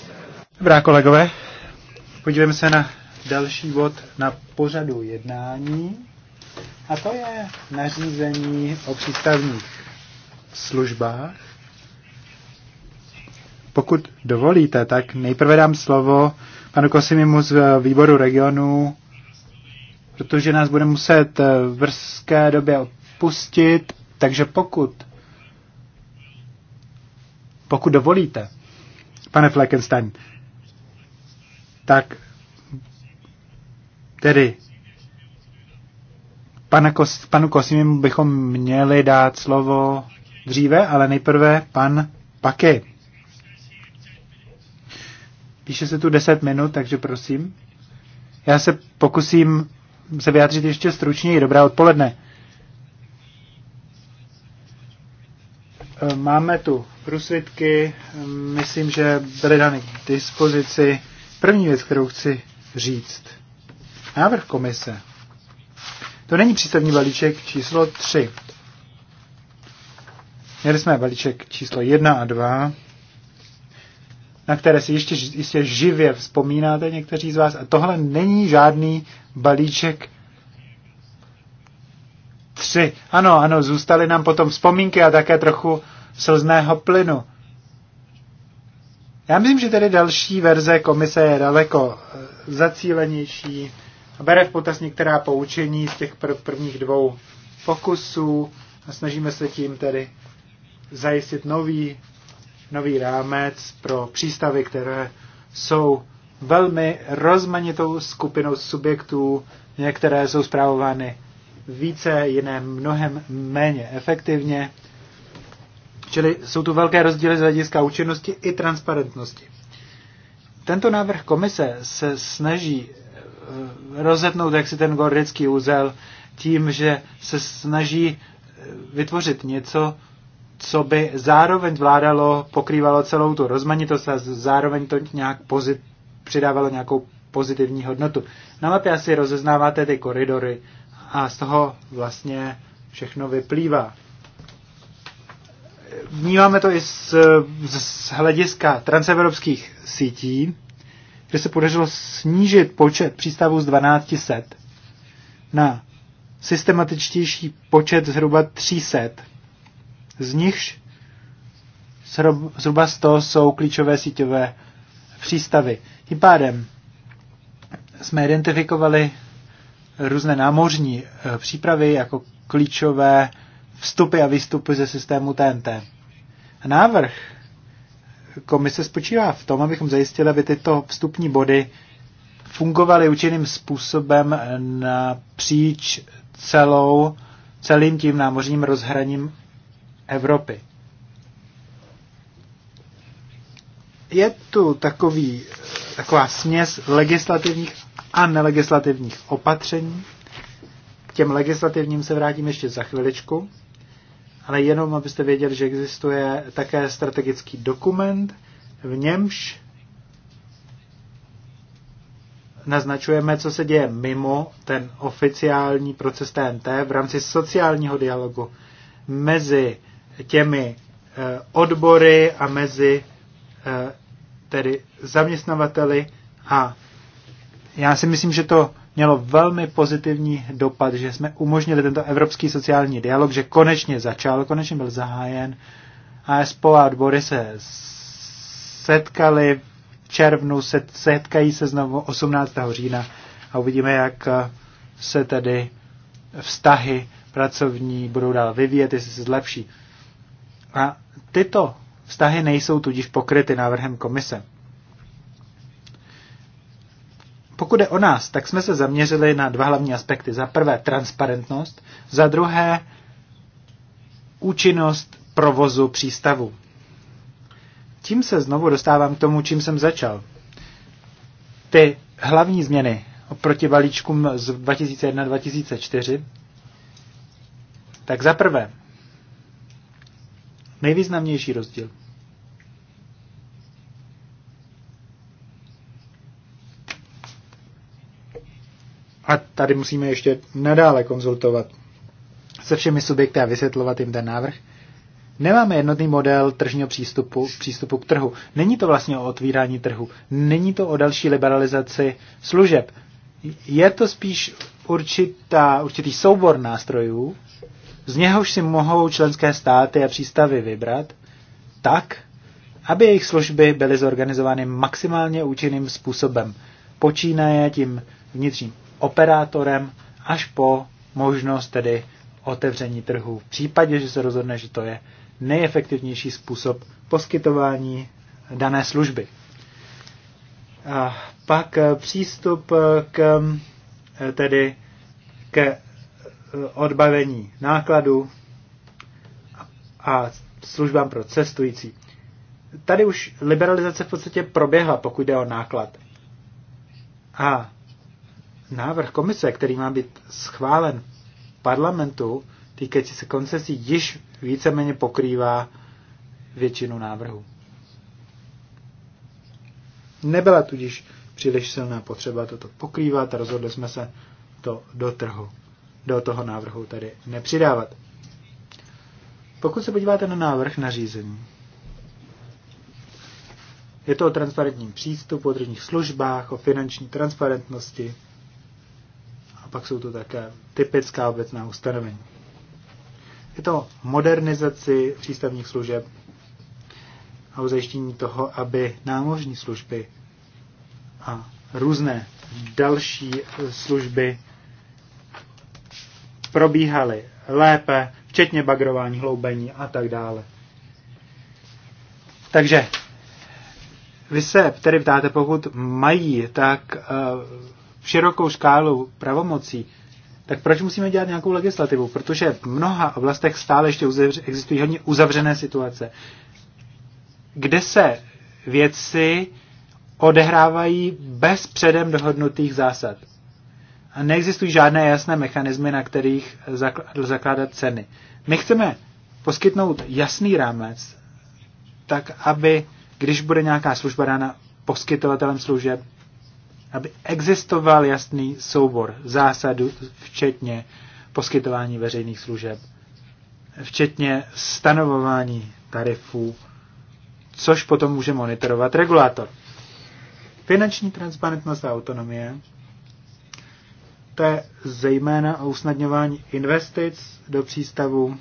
Dobrá, kolegové. Podívejme se na další bod na pořadu jednání. A to je nařízení o přístavních službách. Pokud dovolíte, tak nejprve dám slovo panu Kosimimu z výboru regionu, protože nás bude muset v brzké době opustit, takže pokud pokud dovolíte, pane Fleckenstein. Tak tedy pana Kos, panu Kosimimu bychom měli dát slovo dříve, ale nejprve pan Paky. Píše se tu 10 minut, takže prosím. Já se pokusím se vyjádřit ještě stručněji. Dobrá odpoledne. Máme tu průsvitky, myslím, že byly dany k dispozici. První věc, kterou chci říct. Návrh komise. To není přístavní balíček číslo 3. Měli jsme balíček číslo 1 a 2, na které si ještě ještě živě vzpomínáte někteří z vás. A tohle není žádný balíček 3. Ano, ano, zůstaly nám potom vzpomínky a také trochu slzného plynu. Já myslím, že tedy další verze komise je daleko eh, zacílenější a bere v potaz některá poučení z těch pr- prvních dvou pokusů a snažíme se tím tedy zajistit nový, nový rámec pro přístavy, které jsou velmi rozmanitou skupinou subjektů, některé jsou zprávovány více, jiné mnohem méně efektivně Čili jsou tu velké rozdíly z hlediska účinnosti i transparentnosti. Tento návrh komise se snaží eh, rozetnout jaksi ten gordický úzel tím, že se snaží eh, vytvořit něco, co by zároveň vládalo, pokrývalo celou tu rozmanitost a zároveň to nějak pozit, přidávalo nějakou pozitivní hodnotu. Na mapě asi rozeznáváte ty koridory a z toho vlastně všechno vyplývá vnímáme to i z, z hlediska transevropských sítí, kde se podařilo snížit počet přístavů z 1200 na systematičtější počet zhruba 300. Z nichž zhruba 100 jsou klíčové síťové přístavy. Tím pádem jsme identifikovali různé námořní eh, přípravy jako klíčové vstupy a výstupy ze systému TNT. A návrh komise spočívá v tom, abychom zajistili, aby tyto vstupní body fungovaly účinným způsobem napříč celou, celým tím námořním rozhraním Evropy. Je tu takový, taková směs legislativních a nelegislativních opatření. K těm legislativním se vrátím ještě za chviličku ale jenom abyste věděli, že existuje také strategický dokument, v němž naznačujeme, co se děje mimo ten oficiální proces TNT v rámci sociálního dialogu mezi těmi eh, odbory a mezi eh, tedy zaměstnavateli a já si myslím, že to mělo velmi pozitivní dopad, že jsme umožnili tento evropský sociální dialog, že konečně začal, konečně byl zahájen. SPO a odbory se setkali v červnu, setkají se znovu 18. října a uvidíme, jak se tedy vztahy pracovní budou dál vyvíjet, jestli se zlepší. A tyto vztahy nejsou tudíž pokryty návrhem komise. Pokud je o nás, tak jsme se zaměřili na dva hlavní aspekty. Za prvé transparentnost, za druhé účinnost provozu přístavu. Tím se znovu dostávám k tomu, čím jsem začal. Ty hlavní změny oproti balíčkům z 2001-2004, tak za prvé, nejvýznamnější rozdíl – tady musíme ještě nadále konzultovat se všemi subjekty a vysvětlovat jim ten návrh. Nemáme jednotný model tržního přístupu, přístupu k trhu. Není to vlastně o otvírání trhu. Není to o další liberalizaci služeb. Je to spíš určitá, určitý soubor nástrojů, z něhož si mohou členské státy a přístavy vybrat, tak, aby jejich služby byly zorganizovány maximálně účinným způsobem. Počínaje tím vnitřním operátorem až po možnost tedy otevření trhu. V případě, že se rozhodne, že to je nejefektivnější způsob poskytování dané služby. A pak eh, přístup eh, k, eh, tedy k odbavení nákladu a službám pro cestující. Tady už liberalizace v podstatě proběhla, pokud jde o náklad. A návrh komise, který má být schválen parlamentu, týkající se koncesí, již víceméně pokrývá většinu návrhu. Nebyla tudíž příliš silná potřeba toto pokrývat a rozhodli jsme se to do trhu, do toho návrhu tedy nepřidávat. Pokud se podíváte na návrh na řízení, je to o transparentním přístupu, o tržních službách, o finanční transparentnosti, pak jsou to také typická obecná ustanovení. Je to modernizaci přístavních služeb a o zajištění toho, aby námořní služby a různé další služby probíhaly lépe, včetně bagrování, hloubení a tak dále. Takže vy se tedy ptáte, pokud mají, tak eh, širokou škálu pravomocí, tak proč musíme dělat nějakou legislativu? Protože v mnoha oblastech stále ještě existují hodně uzavřené situace, kde se věci odehrávají bez předem dohodnutých zásad. A neexistují žádné jasné mechanismy, na kterých zakládat ceny. My chceme poskytnout jasný rámec, tak aby, když bude nějaká služba dána poskytovatelem služeb, aby existoval jasný soubor zásadu včetně poskytování veřejných služeb, včetně stanovování tarifů, což potom může monitorovat regulátor. Finanční transparentnost a autonomie to je zejména o usnadňování investic do přístavu.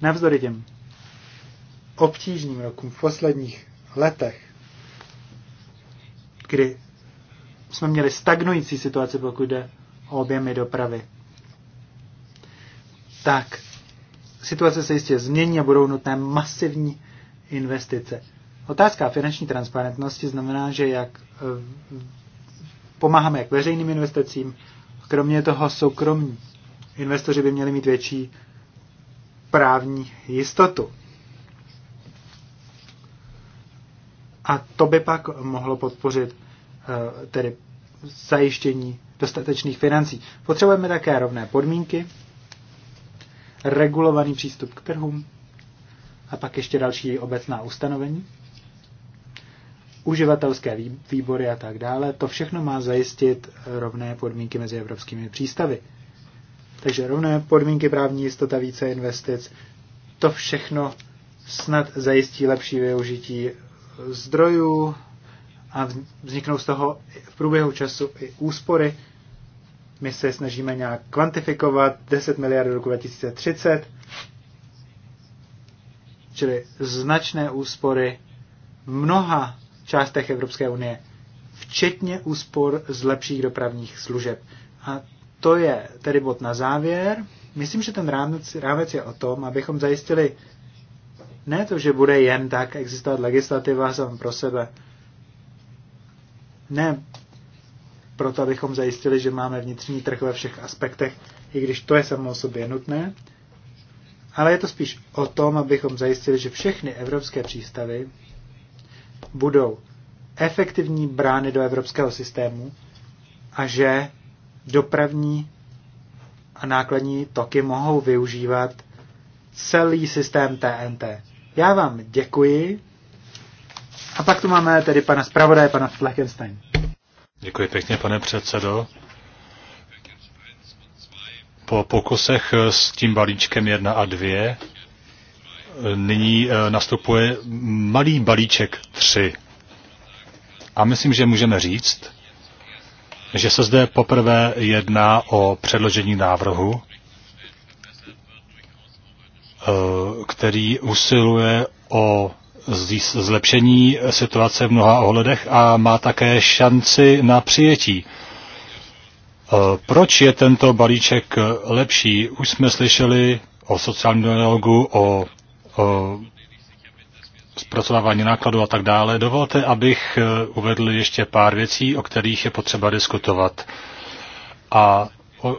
Navzdory těm obtížným rokům v posledních letech kdy jsme měli stagnující situaci, pokud jde o objemy dopravy. Tak, situace se jistě změní a budou nutné masivní investice. Otázka finanční transparentnosti znamená, že jak eh, pomáháme jak veřejným investicím, kromě toho soukromí investoři by měli mít větší právní jistotu. A to by pak mohlo podpořit eh, tedy zajištění dostatečných financí. Potřebujeme také rovné podmínky, regulovaný přístup k trhům a pak ještě další obecná ustanovení, uživatelské výbory a tak dále. To všechno má zajistit rovné podmínky mezi evropskými přístavy. Takže rovné podmínky, právní jistota, více investic, to všechno snad zajistí lepší využití zdrojů a vzniknou z toho v průběhu času i úspory. My se snažíme nějak kvantifikovat 10 miliard do roku 2030, čili značné úspory v mnoha částech Evropské unie, včetně úspor z lepších dopravních služeb. A to je tedy bod na závěr. Myslím, že ten rámec, rámec je o tom, abychom zajistili ne to, že bude jen tak existovat legislativa sam pro sebe. Ne proto, abychom zajistili, že máme vnitřní trh ve všech aspektech, i když to je samo o sobě nutné, ale je to spíš o tom, abychom zajistili, že všechny evropské přístavy budou efektivní brány do evropského systému a že dopravní a nákladní toky mohou využívat celý systém TNT. Já vám děkuji. A pak tu máme tedy pana zpravodaje, pana Fleckenstein. Děkuji pěkně, pane předsedo. Po pokusech s tím balíčkem 1 a 2 nyní eh, nastupuje malý balíček 3. A myslím, že můžeme říct, že se zde poprvé jedná o předložení návrhu, Eh, který usiluje o zlepšení situace v mnoha ohledech a má také šanci na přijetí. Eh, proč je tento balíček lepší? Už jsme slyšeli o sociálním dialogu, o, o zpracovávání nákladů a tak dále. Dovolte, abych eh, uvedl ještě pár věcí, o kterých je potřeba diskutovat. A o,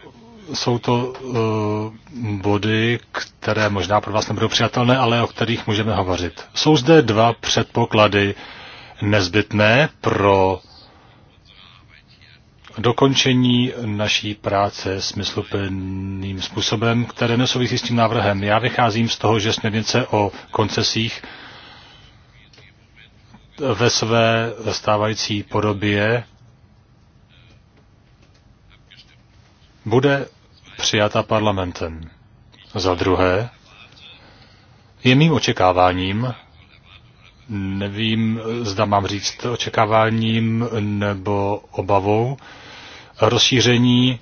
jsou to eh, body, které možná pro vás nebudou přijatelné, ale o kterých můžeme hovořit. Jsou zde dva předpoklady nezbytné pro dokončení naší práce smysluplným způsobem, které nesouvisí s tím návrhem. Já vycházím z toho, že směrnice o koncesích ve své stávající podobě bude přijata parlamentem. Za druhé, je mým očekáváním, nevím, zda mám říct očekáváním nebo obavou, rozšíření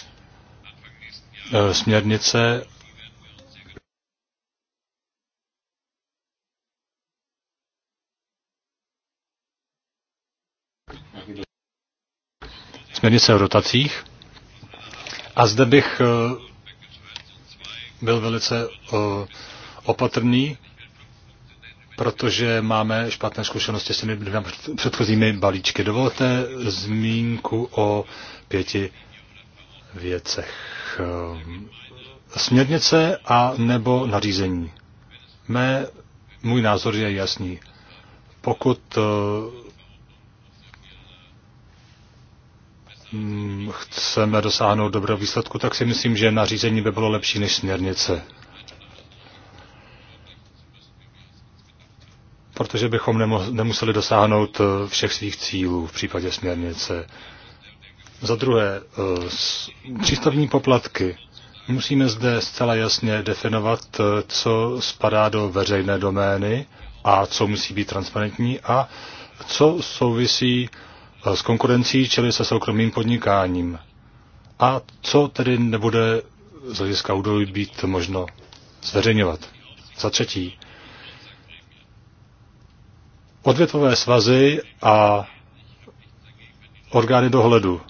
eh, směrnice směrnice o rotacích. A zde bych eh, byl velice eh, opatrný, protože máme špatné zkušenosti s těmi dvěma předchozími balíčky. Dovolte zmínku o pěti věcech. Eh, směrnice a nebo nařízení. Mé, můj názor je jasný. Pokud eh, Mm, chceme dosáhnout dobrého výsledku, tak si myslím, že nařízení by bylo lepší než směrnice. Protože bychom nemuseli dosáhnout eh, všech svých cílů v případě směrnice. Za druhé, eh, přístavní poplatky. Musíme zde zcela jasně definovat, eh, co spadá do veřejné domény a co musí být transparentní a co souvisí Eh, s konkurencí, čili se soukromým podnikáním. A co tedy nebude z hlediska údolí být možno zveřejňovat? Za třetí, odvětvové svazy a orgány dohledu.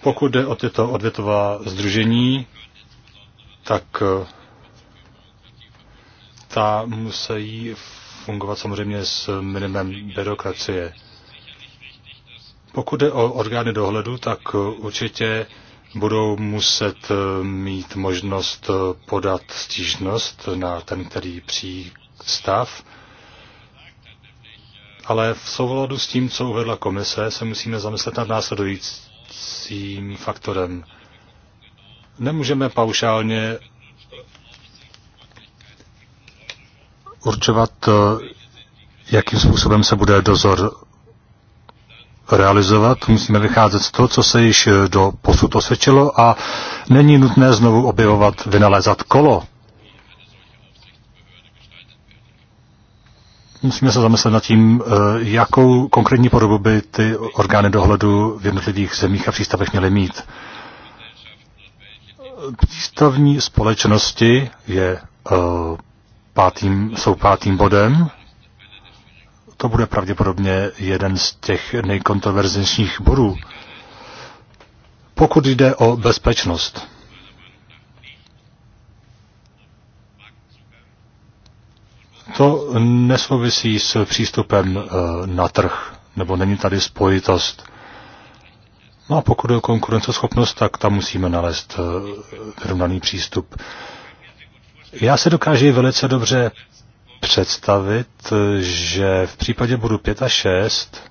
Pokud jde o tyto odvětová združení, tak eh, ta musí fungovat samozřejmě s minimem byrokracie. Pokud jde o orgány dohledu, tak určitě budou muset eh, mít možnost eh, podat stížnost na ten, který přístav. Ale v souladu s tím, co uvedla komise, se musíme zamyslet nad následujícím faktorem. Nemůžeme paušálně určovat, eh, jakým způsobem se bude dozor realizovat. Musíme vycházet z toho, co se již eh, do posud osvědčilo a není nutné znovu objevovat, vynalézat kolo. Musíme se zamyslet nad tím, eh, jakou konkrétní podobu by ty orgány dohledu v jednotlivých zemích a přístavech měly mít. Přístavní společnosti je pátým, jsou pátým bodem. To bude pravděpodobně jeden z těch nejkontroverznějších bodů. Pokud jde o bezpečnost, to nesouvisí s přístupem eh, na trh, nebo není tady spojitost. No a pokud je o konkurenceschopnost, tak tam musíme nalézt eh, vyrovnaný přístup. Já se dokážu velice dobře představit, že v případě bodu 5 a 6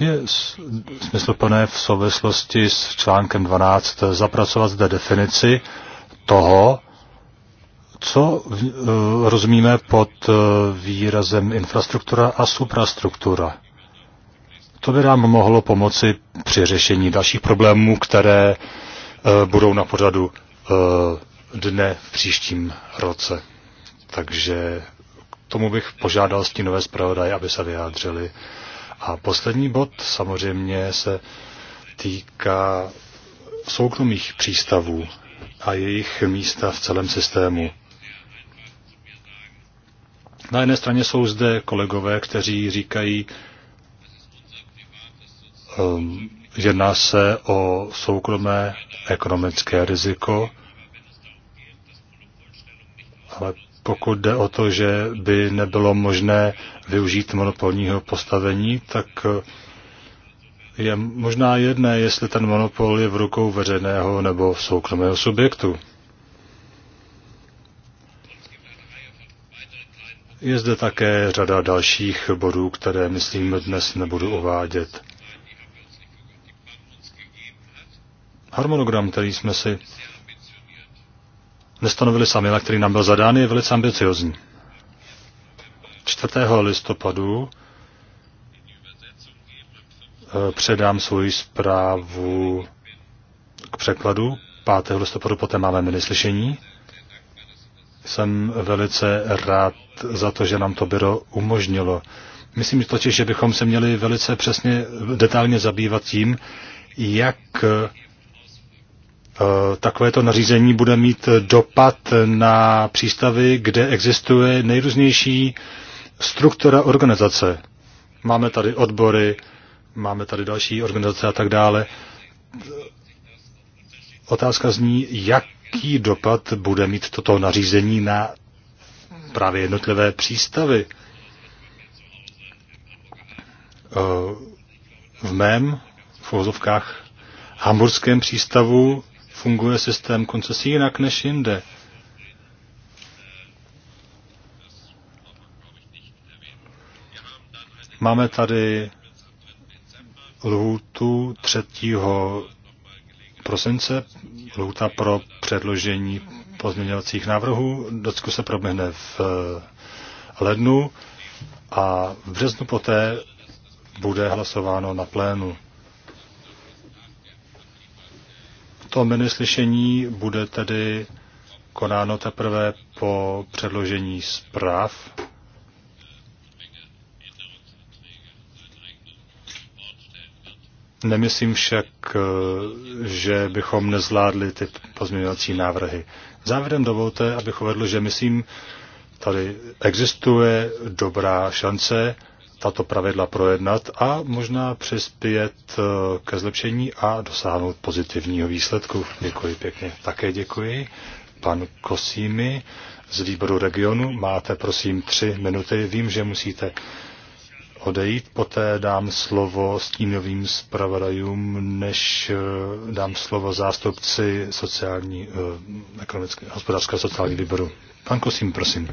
je smysluplné v souvislosti s článkem 12 zapracovat zde definici toho, co eh, rozumíme pod eh, výrazem infrastruktura a suprastruktura. To by nám mohlo pomoci při řešení dalších problémů, které eh, budou na pořadu dne v příštím roce. Takže tomu bych požádal stínové zpravodaje, aby se vyjádřili. A poslední bod samozřejmě se týká soukromých přístavů a jejich místa v celém systému. Na jedné straně jsou zde kolegové, kteří říkají, um, jedná se o soukromé ekonomické riziko, ale pokud jde o to, že by nebylo možné využít monopolního postavení, tak eh, je možná jedné, jestli ten monopol je v rukou veřejného nebo soukromého subjektu. Je zde také řada dalších bodů, které, myslím, dnes nebudu uvádět. Harmonogram, který jsme si nestanovili sami, ale který nám byl zadán, je velice ambiciozní. 4. listopadu eh, předám svoji zprávu k překladu. 5. listopadu poté máme minislyšení. Jsem velice rád za to, že nám to byro umožnilo. Myslím totiž, že bychom se měli velice přesně detailně zabývat tím, jak Eh, takovéto nařízení bude mít dopad na přístavy, kde existuje nejrůznější struktura organizace. Máme tady odbory, máme tady další organizace a tak dále. Otázka zní, jaký dopad bude mít toto nařízení na právě jednotlivé přístavy. Eh, v mém, v vozovkách, hamburském přístavu funguje systém koncesí jinak než jinde. Máme tady lhůtu 3. prosince, lhůta pro předložení pozměňovacích návrhů. Docku se proběhne v eh, lednu a v březnu poté bude hlasováno na plénu. To slyšení bude tedy konáno teprve po předložení zpráv. Nemyslím však, že bychom nezvládli ty pozměňovací návrhy. Závěrem dovolte, abych uvedl, že myslím, tady existuje dobrá šance, tato pravidla projednat a možná přispět eh, ke zlepšení a dosáhnout pozitivního výsledku. Děkuji pěkně. Také děkuji. Pan Kosími z výboru regionu. Máte prosím tři minuty. Vím, že musíte odejít. Poté dám slovo stínovým zpravodajům, než eh, dám slovo zástupci sociální, eh, ekonomické, hospodářského sociální výboru. Pan Kosím, prosím.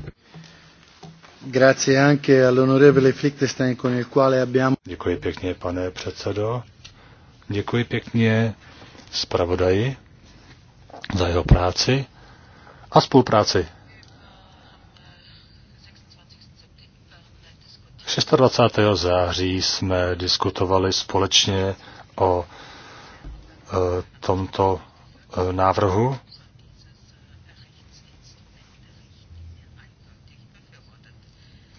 Děkuji pěkně, pane předsedo. Děkuji pěkně zpravodaji za jeho práci a spolupráci. 26. září jsme diskutovali společně o e, tomto e, návrhu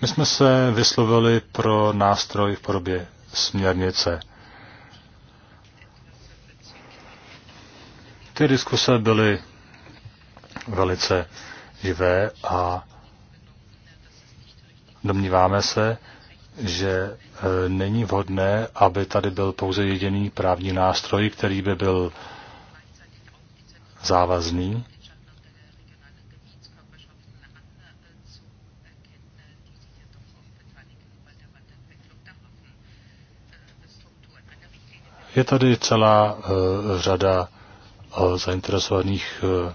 My jsme se vyslovili pro nástroj v podobě směrnice. Ty diskuse byly velice živé a domníváme se, že e, není vhodné, aby tady byl pouze jediný právní nástroj, který by byl závazný Je tady celá eh, řada eh, zainteresovaných eh,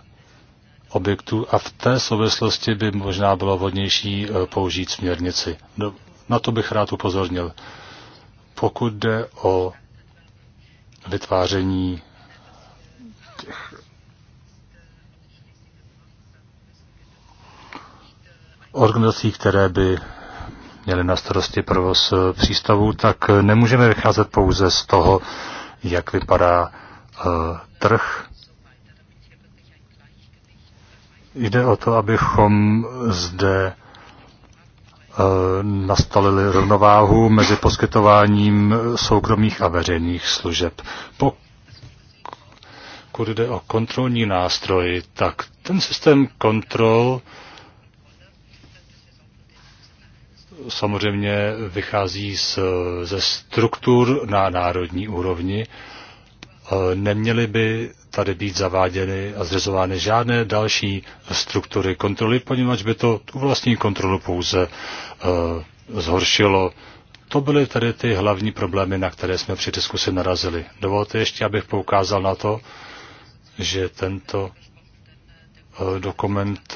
objektů a v té souvislosti by možná bylo vhodnější použít směrnici. No, na to bych rád upozornil. Pokud jde o vytváření těch organizací, které by měly na starosti provoz přístavů, tak nemůžeme vycházet pouze z toho, jak vypadá eh, trh. Jde o to, abychom zde eh, nastalili rovnováhu mezi poskytováním soukromých a veřejných služeb. Pokud jde o kontrolní nástroj, tak ten systém kontrol samozřejmě vychází z, ze struktur na národní úrovni. E, neměly by tady být zaváděny a zřizovány žádné další struktury kontroly, poněvadž by to tu vlastní kontrolu pouze e, zhoršilo. To byly tady ty hlavní problémy, na které jsme při diskusi narazili. Dovolte ještě, abych poukázal na to, že tento e, dokument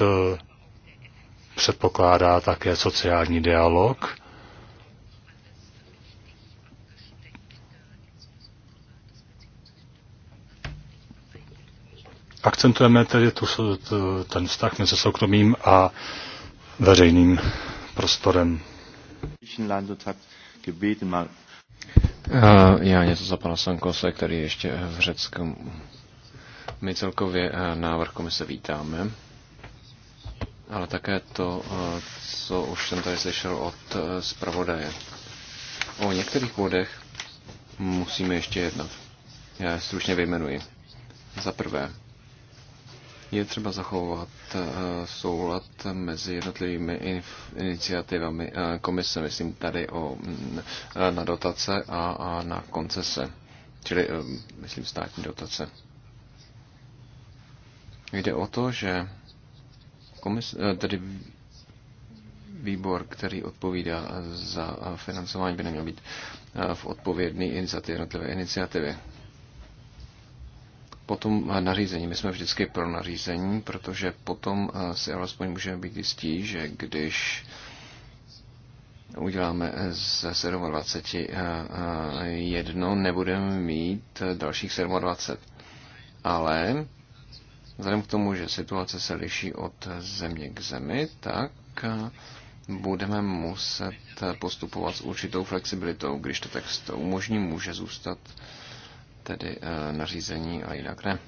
předpokládá také sociální dialog. Akcentujeme tedy tu, ten vztah mezi soukromým a veřejným prostorem. Já něco za pana Sankose, který ještě v Řecku. My celkově eh, návrh komise vítáme ale také to, eh, co už jsem tady slyšel od eh, zpravodaje. O některých bodech musíme ještě jednat. Já je stručně vyjmenuji. Za prvé, je třeba zachovat eh, soulad mezi jednotlivými iniciativami komise, myslím tady o, mm, na dotace a, a na koncese, čili myslím státní dotace. Jde o to, že komis, eh, tedy výbor, který odpovídá za financování, by neměl být eh, v odpovědný i za ty jednotlivé iniciativy. Potom eh, nařízení. My jsme vždycky pro nařízení, protože potom si alespoň můžeme být jistí, že když uděláme ze 27 jedno, nebudeme mít dalších 27. Ale Vzhledem k tomu, že situace se liší od země k zemi, tak budeme muset postupovat s určitou flexibilitou. Když to text umožní, může zůstat tedy eh, nařízení a jinak ne.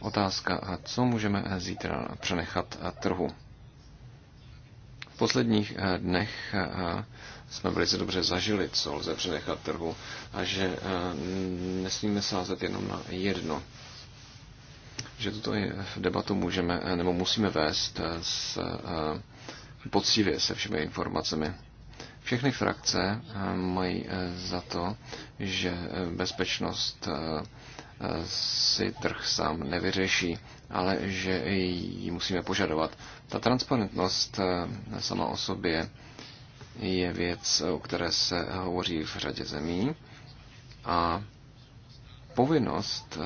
Otázka, a co můžeme zítra přenechat eh, trhu? V posledních eh, dnech jsme velice dobře zažili, co lze přenechat trhu a že nesmíme sázet jenom na jedno že tuto debatu můžeme eh, nebo musíme vést eh, s, eh, poctivě se všemi informacemi. Všechny frakce mají za to, že bezpečnost si trh sám nevyřeší, ale že ji musíme požadovat. Ta transparentnost sama o sobě je věc, o které se hovoří v řadě zemí a povinnost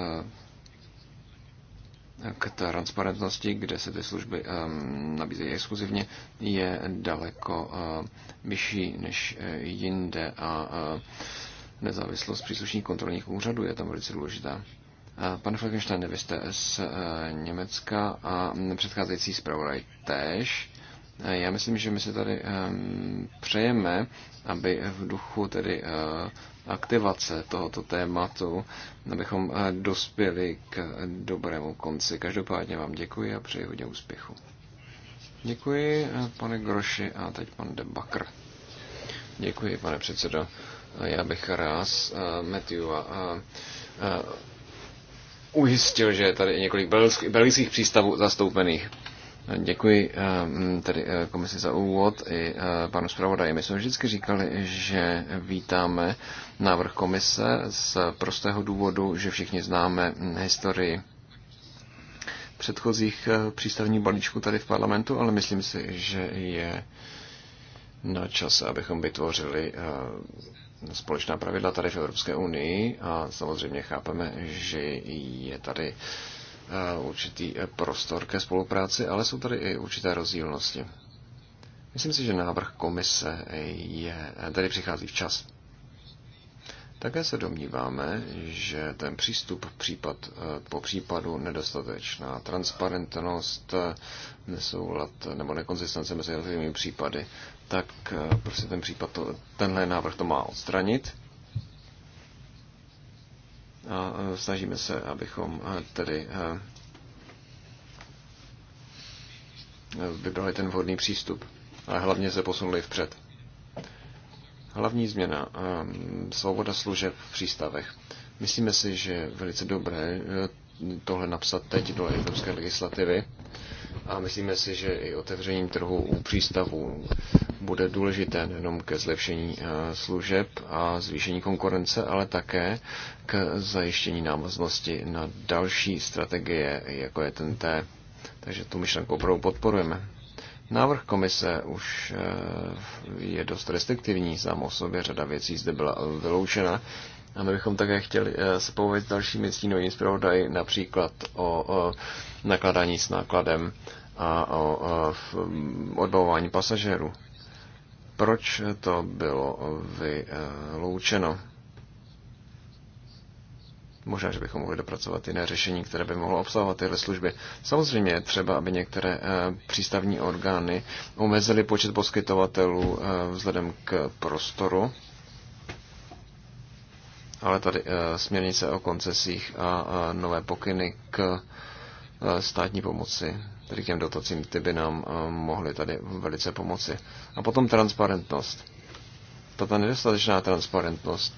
k transparentnosti, kde se ty služby eh, nabízejí exkluzivně, je daleko eh, vyšší než eh, jinde a nezávislost příslušných kontrolních úřadů je tam velice důležitá. Pane Frankenstein, vy jste z Německa a předcházející zpravodaj též. Já myslím, že my se tady přejeme, aby v duchu tedy aktivace tohoto tématu, abychom eh, dospěli k dobrému konci. Každopádně vám děkuji a přeji hodně úspěchu. Děkuji, eh, pane Groši, a teď pan Debakr. Děkuji, pane předsedo. Eh, já bych rád uh, Matthew a, a, a ujistil, že je tady několik belgických přístavů zastoupených. Děkuji tedy komisi za úvod i panu zpravodaji. My jsme vždycky říkali, že vítáme návrh komise z prostého důvodu, že všichni známe historii předchozích eh, přístavních balíčků tady v parlamentu, ale myslím si, že je na čase, abychom vytvořili eh, společná pravidla tady v Evropské unii a samozřejmě chápeme, že je tady eh, určitý prostor ke spolupráci, ale jsou tady i určité rozdílnosti. Myslím si, že návrh komise je, tady přichází včas. Také se domníváme, že ten přístup případ eh, po případu nedostatečná transparentnost, eh, nesoulad nebo nekonzistence mezi jednotlivými případy, tak eh, prostě ten případ to, tenhle návrh to má odstranit. A snažíme se, abychom tedy vybrali ten vhodný přístup, ale hlavně se posunuli vpřed. Hlavní změna, ehm, svoboda služeb v přístavech. Myslíme si, že je velice dobré eh, tohle napsat teď do evropské legislativy a myslíme si, že i otevření trhu u přístavů bude důležité nejenom ke zlepšení eh, služeb a zvýšení konkurence, ale také k zajištění návaznosti na další strategie, jako je ten T. Takže tu myšlenku opravdu podporujeme. Návrh komise už eh, je dost restriktivní sám o sobě, řada věcí zde byla vyloučena. A my bychom také chtěli eh, se povědět s dalšími stínovými zpravodaji, například o nakladání s nákladem a o odbavování pasažérů. Proč to bylo vyloučeno? Možná, že bychom mohli dopracovat jiné řešení, které by mohlo obsahovat tyhle služby. Samozřejmě je třeba, aby některé eh, přístavní orgány omezily počet poskytovatelů eh, vzhledem k prostoru, ale tady eh, směrnice o koncesích a nové pokyny k státní pomoci, tedy k těm dotacím, ty by nám mohly tady velice pomoci. A potom transparentnost. Tato nedostatečná transparentnost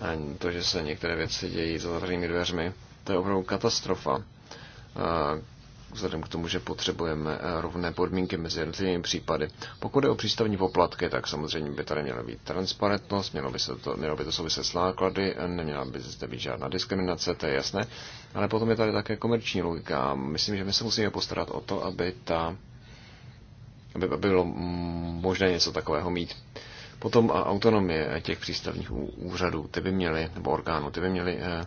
a to, že se některé věci dějí za zavřenými dveřmi, to je opravdu katastrofa. Vzhledem k tomu, že potřebujeme eh, rovné podmínky mezi jednotlivými případy. Pokud je o přístavní poplatky, tak samozřejmě by tady měla být transparentnost, mělo by, se to, mělo by to souviset s náklady, neměla by zde být žádná diskriminace, to je jasné. Ale potom je tady také komerční logika. Myslím, že my se musíme postarat o to, aby ta aby bylo možné něco takového mít. Potom a autonomie těch přístavních úřadů, ty by měly, nebo orgánů, ty by měly eh, eh,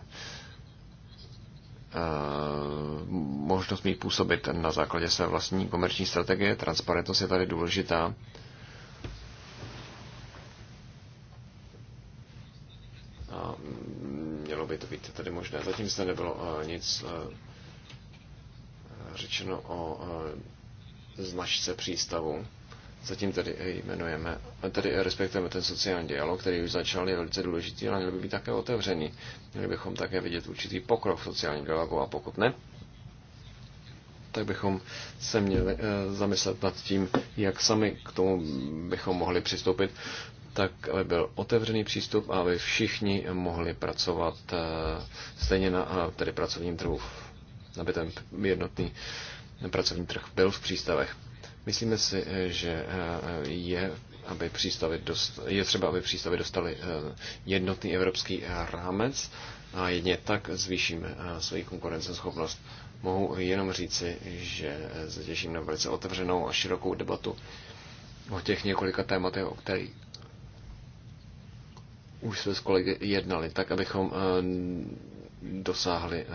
možnost mít působit na základě své vlastní komerční strategie. Transparentnost je tady důležitá. A mělo by to být tady možné. Zatím se nebylo eh, nic řečeno o značce přístavu. Zatím tady eh, jmenujeme, tady eh, respektujeme ten sociální dialog, který už začal, je velice důležitý, ale měl by být také otevřený. Měli bychom také vidět určitý pokrok v sociálním dialogu a pokud ne, tak bychom se měli eh, zamyslet nad tím, jak sami k tomu bychom mohli přistoupit, tak aby byl otevřený přístup a aby všichni mohli pracovat stejně na tedy pracovním trhu, aby ten jednotný pracovní trh byl v přístavech. Myslíme si, eh, že eh, je aby přístavy dost, je třeba, aby přístavy dostali eh, jednotný evropský rámec a jedně tak zvýšíme svoji konkurenceschopnost. Mohu jenom říci, že se těším na velice otevřenou a širokou debatu o těch několika tématech, o kterých už jsme s kolegy jednali, tak abychom dosáhli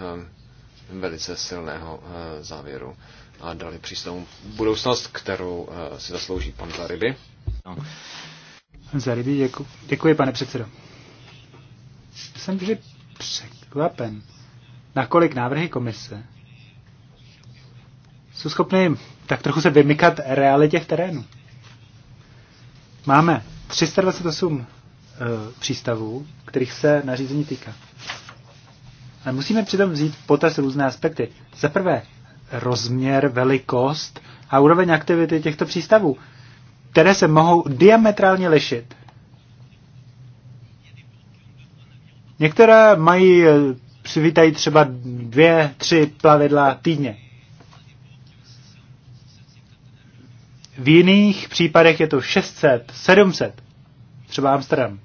velice silného závěru a dali přísnou budoucnost, kterou eh, si zaslouží pan Zaryby. No. Zaryby, děku, děkuji, pane předsedo. Jsem vždy překvapen, nakolik návrhy komise jsou schopny tak trochu se vymykat realitě v terénu. Máme 328 e, eh, přístavů, kterých se nařízení týká. Ale musíme přitom vzít potaz různé aspekty. Za prvé, rozměr, velikost a úroveň aktivity těchto přístavů, které se mohou diametrálně lišit. Některé mají, eh, přivítají třeba dvě, tři plavidla týdně. V jiných případech je to 600, 700, třeba Amsterdam,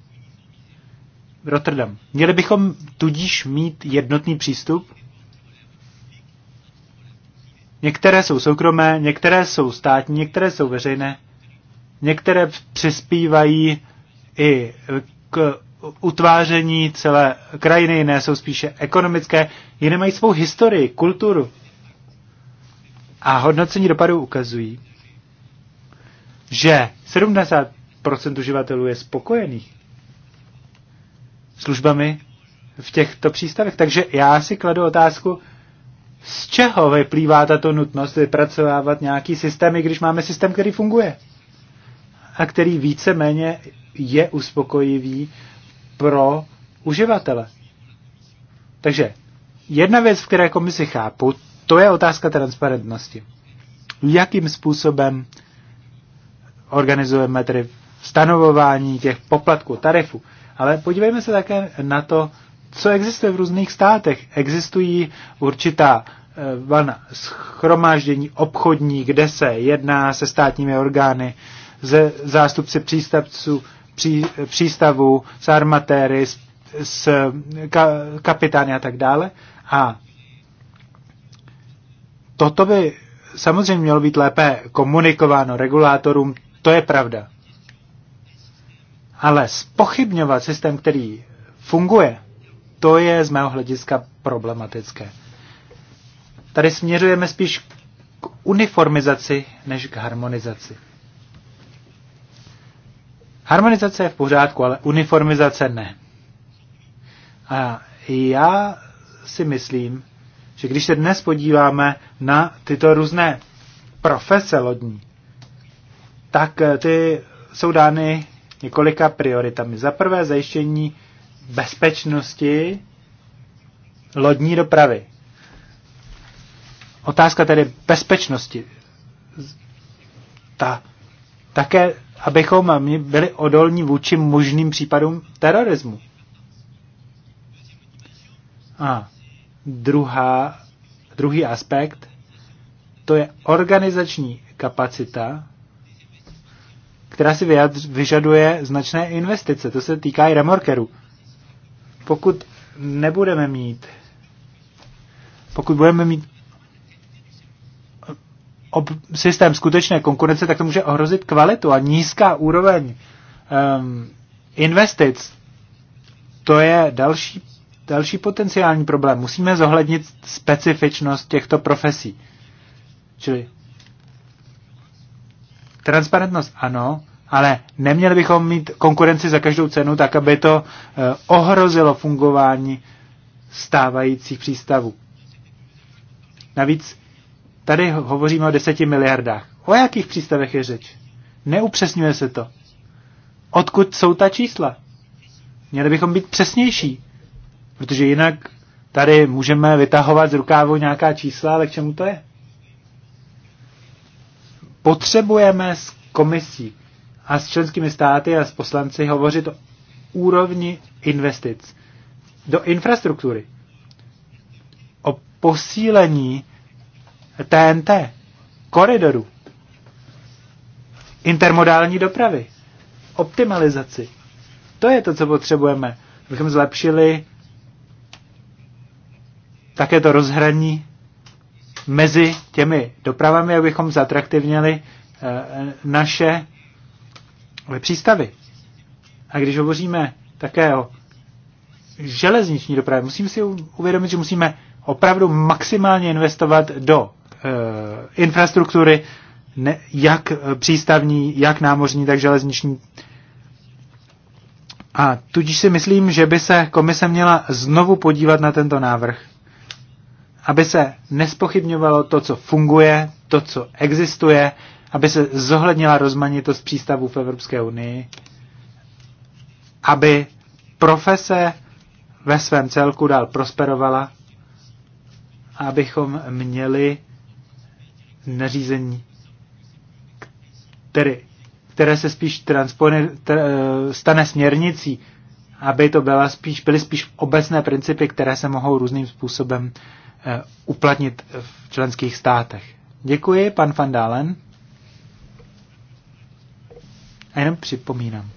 Rotterdam. Měli bychom tudíž mít jednotný přístup Některé jsou soukromé, některé jsou státní, některé jsou veřejné, některé přispívají i k utváření celé krajiny, jiné jsou spíše ekonomické, jiné mají svou historii, kulturu. A hodnocení dopadů ukazují, že 70% uživatelů je spokojených službami v těchto přístavech. Takže já si kladu otázku, z čeho vyplývá tato nutnost vypracovávat nějaký systém, i když máme systém, který funguje a který více-méně je uspokojivý pro uživatele. Takže jedna věc, v které komisi chápu, to je otázka transparentnosti. Jakým způsobem organizujeme tedy stanovování těch poplatků, tarifů. Ale podívejme se také na to, co existuje v různých státech. Existují určitá eh, van schromáždění obchodní, kde se jedná se státními orgány, ze zástupci přístavců, pří, přístavů, s armatéry, s, s ka, kapitány a tak dále. A toto by samozřejmě mělo být lépe komunikováno regulátorům, to je pravda. Ale spochybňovat systém, který funguje, to je z mého hlediska problematické. Tady směřujeme spíš k uniformizaci než k harmonizaci. Harmonizace je v pořádku, ale uniformizace ne. A já si myslím, že když se dnes podíváme na tyto různé profese lodní, tak eh, ty jsou dány několika prioritami. Za prvé zajištění bezpečnosti lodní dopravy. Otázka tedy bezpečnosti. Ta, také, abychom byli odolní vůči možným případům terorismu. A druhá, druhý aspekt, to je organizační kapacita, která si vyžaduje značné investice. To se týká i remorkerů. Pokud nebudeme mít, pokud budeme mít ob, systém skutečné konkurence, tak to může ohrozit kvalitu a nízká úroveň um, investic. To je další, další potenciální problém. Musíme zohlednit specifičnost těchto profesí. Čili transparentnost ano, ale neměli bychom mít konkurenci za každou cenu, tak aby to eh, ohrozilo fungování stávajících přístavů. Navíc tady hovoříme o deseti miliardách. O jakých přístavech je řeč? Neupřesňuje se to. Odkud jsou ta čísla? Měli bychom být přesnější, protože jinak tady můžeme vytahovat z rukávu nějaká čísla, ale k čemu to je? Potřebujeme s komisí a s členskými státy a s poslanci hovořit o úrovni investic do infrastruktury, o posílení TNT, koridoru, intermodální dopravy, optimalizaci. To je to, co potřebujeme, abychom zlepšili také to rozhraní mezi těmi dopravami, abychom zatraktivněli eh, naše přístavy. A když hovoříme také o železniční dopravě, musíme si uvědomit, že musíme opravdu maximálně investovat do e, infrastruktury, ne, jak eh, přístavní, jak námořní, tak železniční. A tudíž si myslím, že by se komise měla znovu podívat na tento návrh, aby se nespochybňovalo to, co funguje, to, co existuje, aby se zohlednila rozmanitost přístavů v Evropské unii, aby profese ve svém celku dál prosperovala a abychom měli nařízení, které, které se spíš transpone, tr, eh, stane směrnicí, aby to byla spíš, byly spíš obecné principy, které se mohou různým způsobem eh, uplatnit v členských státech. Děkuji, pan Van Dalen. A jenom připomínám.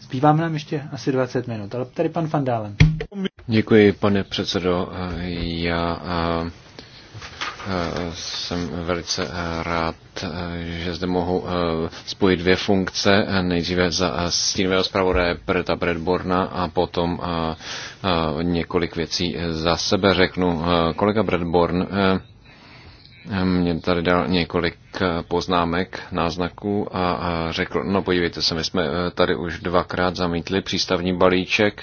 Zbýváme nám ještě asi 20 minut, ale tady pan Van Dálen. Děkuji, pane předsedo. Já a, eh, a, eh, jsem velice eh, rád, že zde mohu spojit dvě funkce. Nejdříve za stínového zpravodaje Preta Bradborna a potom a, několik věcí za sebe řeknu. Kolega Bradborn mě tady dal několik eh, poznámek, náznaků a řekl, no podívejte se, my jsme eh, tady už dvakrát zamítli přístavní balíček,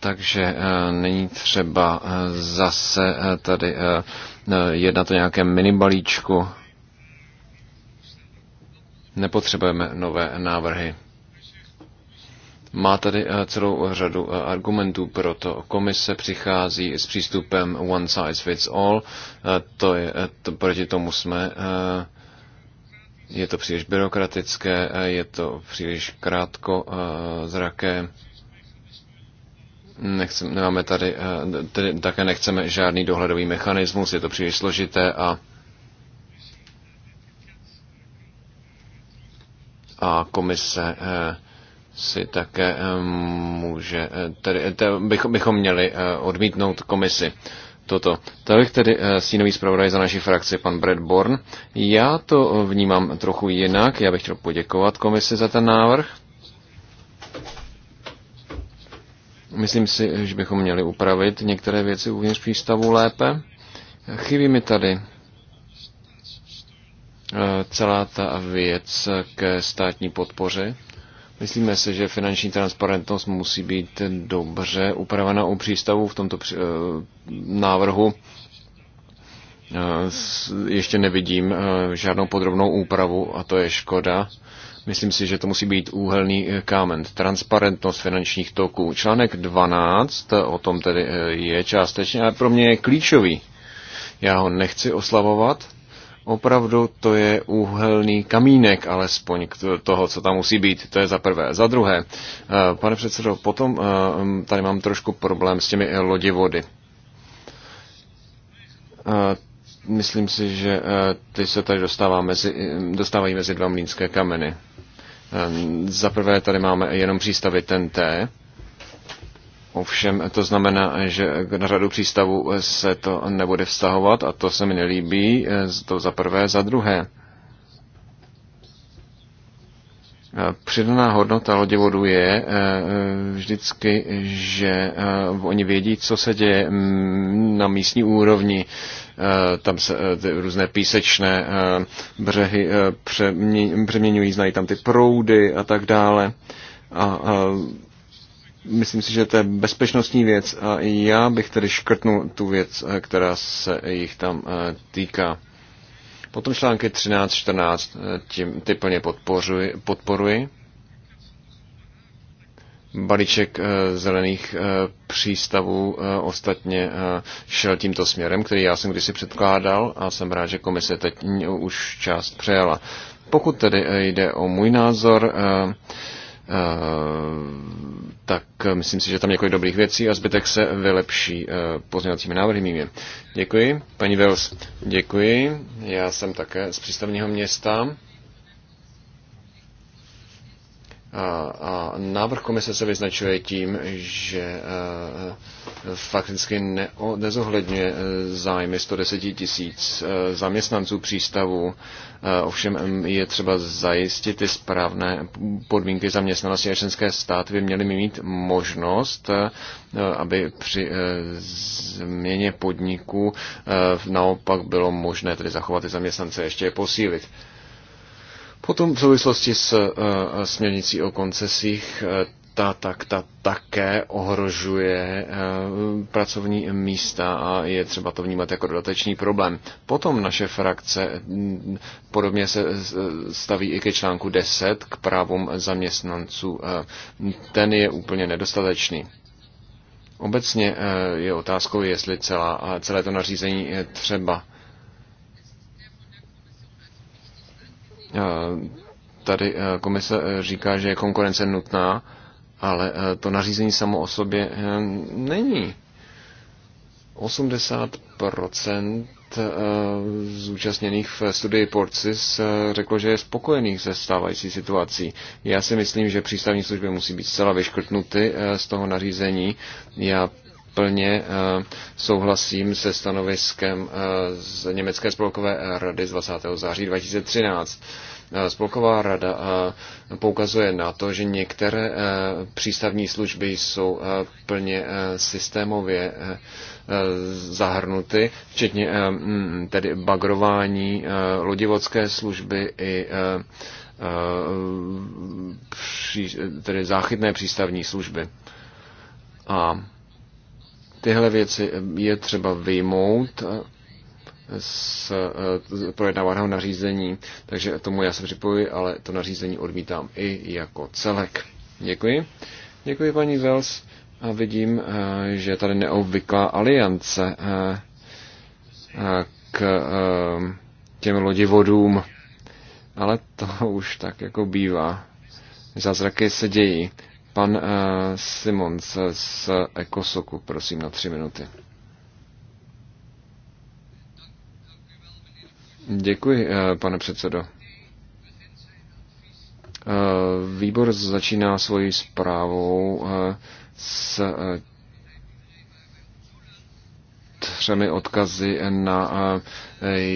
takže eh, není třeba zase tady jednat o nějakém minibalíčku. Nepotřebujeme nové návrhy. Má tady eh, celou eh, řadu eh, argumentů pro to. Komise přichází s přístupem one size fits all. To je, to, proti tomu jsme. Je to příliš byrokratické, je to příliš krátko zraké. Nechce, nemáme tady, tedy také nechceme žádný dohledový mechanismus, je to příliš složité a a komise eh, si také eh, může, eh, tedy, eh, bychom, bychom měli odmítnout komisi toto. bych tedy sínový zpravodaj za naši frakci, pan Brad Born. Já to vnímám trochu jinak. Já bych chtěl poděkovat komisi za ten návrh. Myslím si, že bychom měli upravit některé věci uvnitř přístavu lépe. Chybí mi tady celá ta věc ke státní podpoře. Myslíme si, že finanční transparentnost musí být dobře upravena u přístavu v tomto eh, návrhu. Eh, ještě nevidím eh, žádnou podrobnou úpravu a to je škoda. Myslím si, že to musí být úhelný kámen. Transparentnost finančních toků. Článek 12 o tom tedy je částečně, ale pro mě je klíčový. Já ho nechci oslavovat, Opravdu to je úhelný kamínek, alespoň k toho, co tam musí být. To je za prvé. Za druhé, eh, pane předsedo, potom eh, mm, tady mám trošku problém s těmi eh, vody. Myslím si, že ty se tady dostává mezi, dostávají mezi dva mlínské kameny. Za prvé tady máme jenom přístavy TNT, Ovšem to znamená, že na řadu přístavů se to nebude vztahovat a to se mi nelíbí, eh, to za prvé, za druhé. Eh, přidaná hodnota loděvodu je eh, vždycky, že oni vědí, co se děje na místní úrovni. Tam se ty různé písečné břehy přeměňují, znají tam ty proudy a tak dále. A Myslím si, že to je bezpečnostní věc a já bych tedy škrtnul tu věc, eh, která se jich tam eh, týká. Potom články 13, 14, eh, tím, ty plně podporuji. podporuji. Balíček zelených přístavů ostatně šel tímto směrem, který já jsem kdysi předkládal a jsem rád, že komise teď už část přejala. Pokud tedy jde o můj názor, Eh, tak myslím si, že tam několik dobrých věcí a zbytek se vylepší eh, pozměňovacími návrhy mými. Děkuji. Paní Vels, děkuji. Já jsem také z přístavního města A návrh komise se vyznačuje tím, že e, fakticky nezohledňuje e, zájmy 110 tisíc e, zaměstnanců přístavu. Ovšem je třeba zajistit ty správné podmínky zaměstnanosti a členské státy by měly mít možnost, aby při změně podniku naopak bylo možné tedy zachovat ty zaměstnance ještě je posílit. Potom v souvislosti s eh, eh, směrnicí o koncesích eh, ta, tak ta také ohrožuje pracovní místa a je třeba to vnímat jako dodatečný problém. Potom naše frakce mm, podobně se staví i ke článku 10 k právům zaměstnanců. Ten je úplně nedostatečný. Obecně je otázkou, jestli celá, celé to nařízení je třeba Eh, tady eh, komise eh, říká, že je konkurence nutná, ale to nařízení samo o sobě není. 80% zúčastněných v studii Porcis řeklo, že je spokojených se stávající situací. Já si myslím, že přístavní služby musí být zcela vyškrtnuty z toho nařízení. Já plně eh, souhlasím se stanoviskem eh, z Německé spolkové rady z 20. září 2013. Eh, spolková rada poukazuje na to, že některé přístavní služby jsou plně systémově zahrnuty, včetně mm, tedy bagrování, lodivodské služby i tedy záchytné přístavní služby. A Tyhle věci je třeba vyjmout eh, z projednávaného nařízení, takže tomu já se připojuji, ale to nařízení odmítám i jako celek. Děkuji. Děkuji paní Vels a vidím, eh, že je tady neobvyklá aliance eh, k těm lodivodům, ale to už tak jako bývá. Zázraky se dějí. Pan eh, Simons eh, z Ekosoku, prosím, na tři minuty. Děkuji, eh, pane předsedo. Výbor začíná svoji zprávou s třemi odkazy na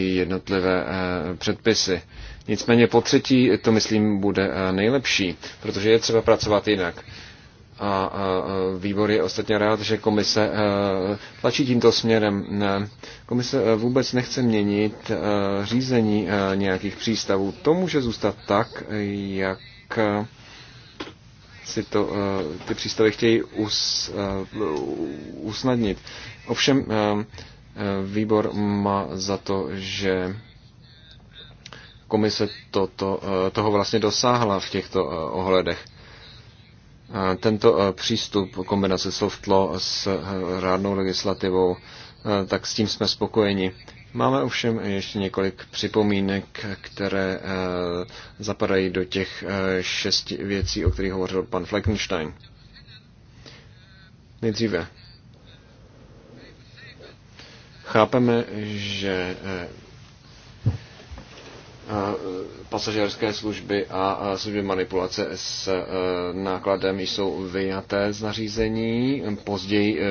jednotlivé předpisy. Nicméně po třetí to, myslím, bude eh, nejlepší, protože je třeba pracovat jinak. A výbor je ostatně rád, že komise eh, tlačí tímto směrem. Komise eh, vůbec nechce měnit řízení nějakých přístavů. To může zůstat tak, jak si to ty přístavy chtějí us, usnadnit. Ovšem výbor má za to, že komise to, to, eh, toho vlastně dosáhla v těchto eh, ohledech. Eh, tento přístup, kombinace slov s rádnou legislativou, tak s tím jsme spokojeni. Máme ovšem ještě několik připomínek, které zapadají do těch šesti věcí, o kterých hovořil pan Fleckenstein. Nejdříve. Chápeme, že E, pasažerské služby a služby manipulace s e, nákladem jsou vyjaté z nařízení. Později e,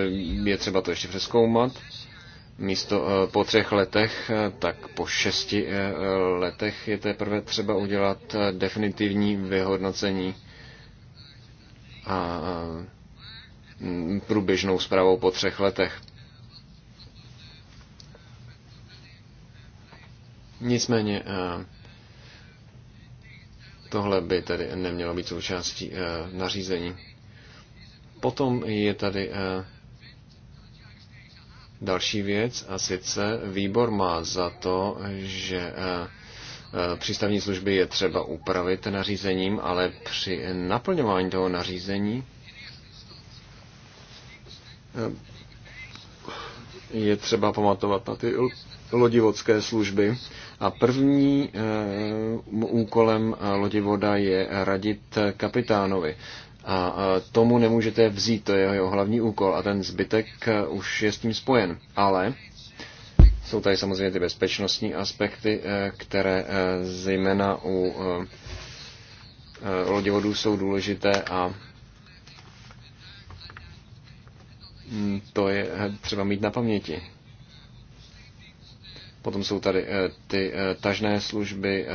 je třeba to ještě přeskoumat. Místo po třech letech, tak po šesti letech je teprve třeba udělat definitivní vyhodnocení a průběžnou zprávou po třech letech. Nicméně eh, tohle by tedy nemělo být součástí eh, nařízení. Potom je tady eh, další věc a sice výbor má za to, že přístavní služby je třeba upravit nařízením, ale při naplňování toho nařízení je třeba pamatovat na ty lodivodské služby. A první eh, úkolem eh, lodivoda je radit eh, kapitánovi. A tomu nemůžete vzít, to je jeho hlavní úkol a ten zbytek už je s tím spojen. Ale jsou tady samozřejmě ty bezpečnostní aspekty, které zejména u lodivodů jsou důležité a Mm, to je eh, třeba mít na paměti. Potom jsou tady eh, ty eh, tažné služby,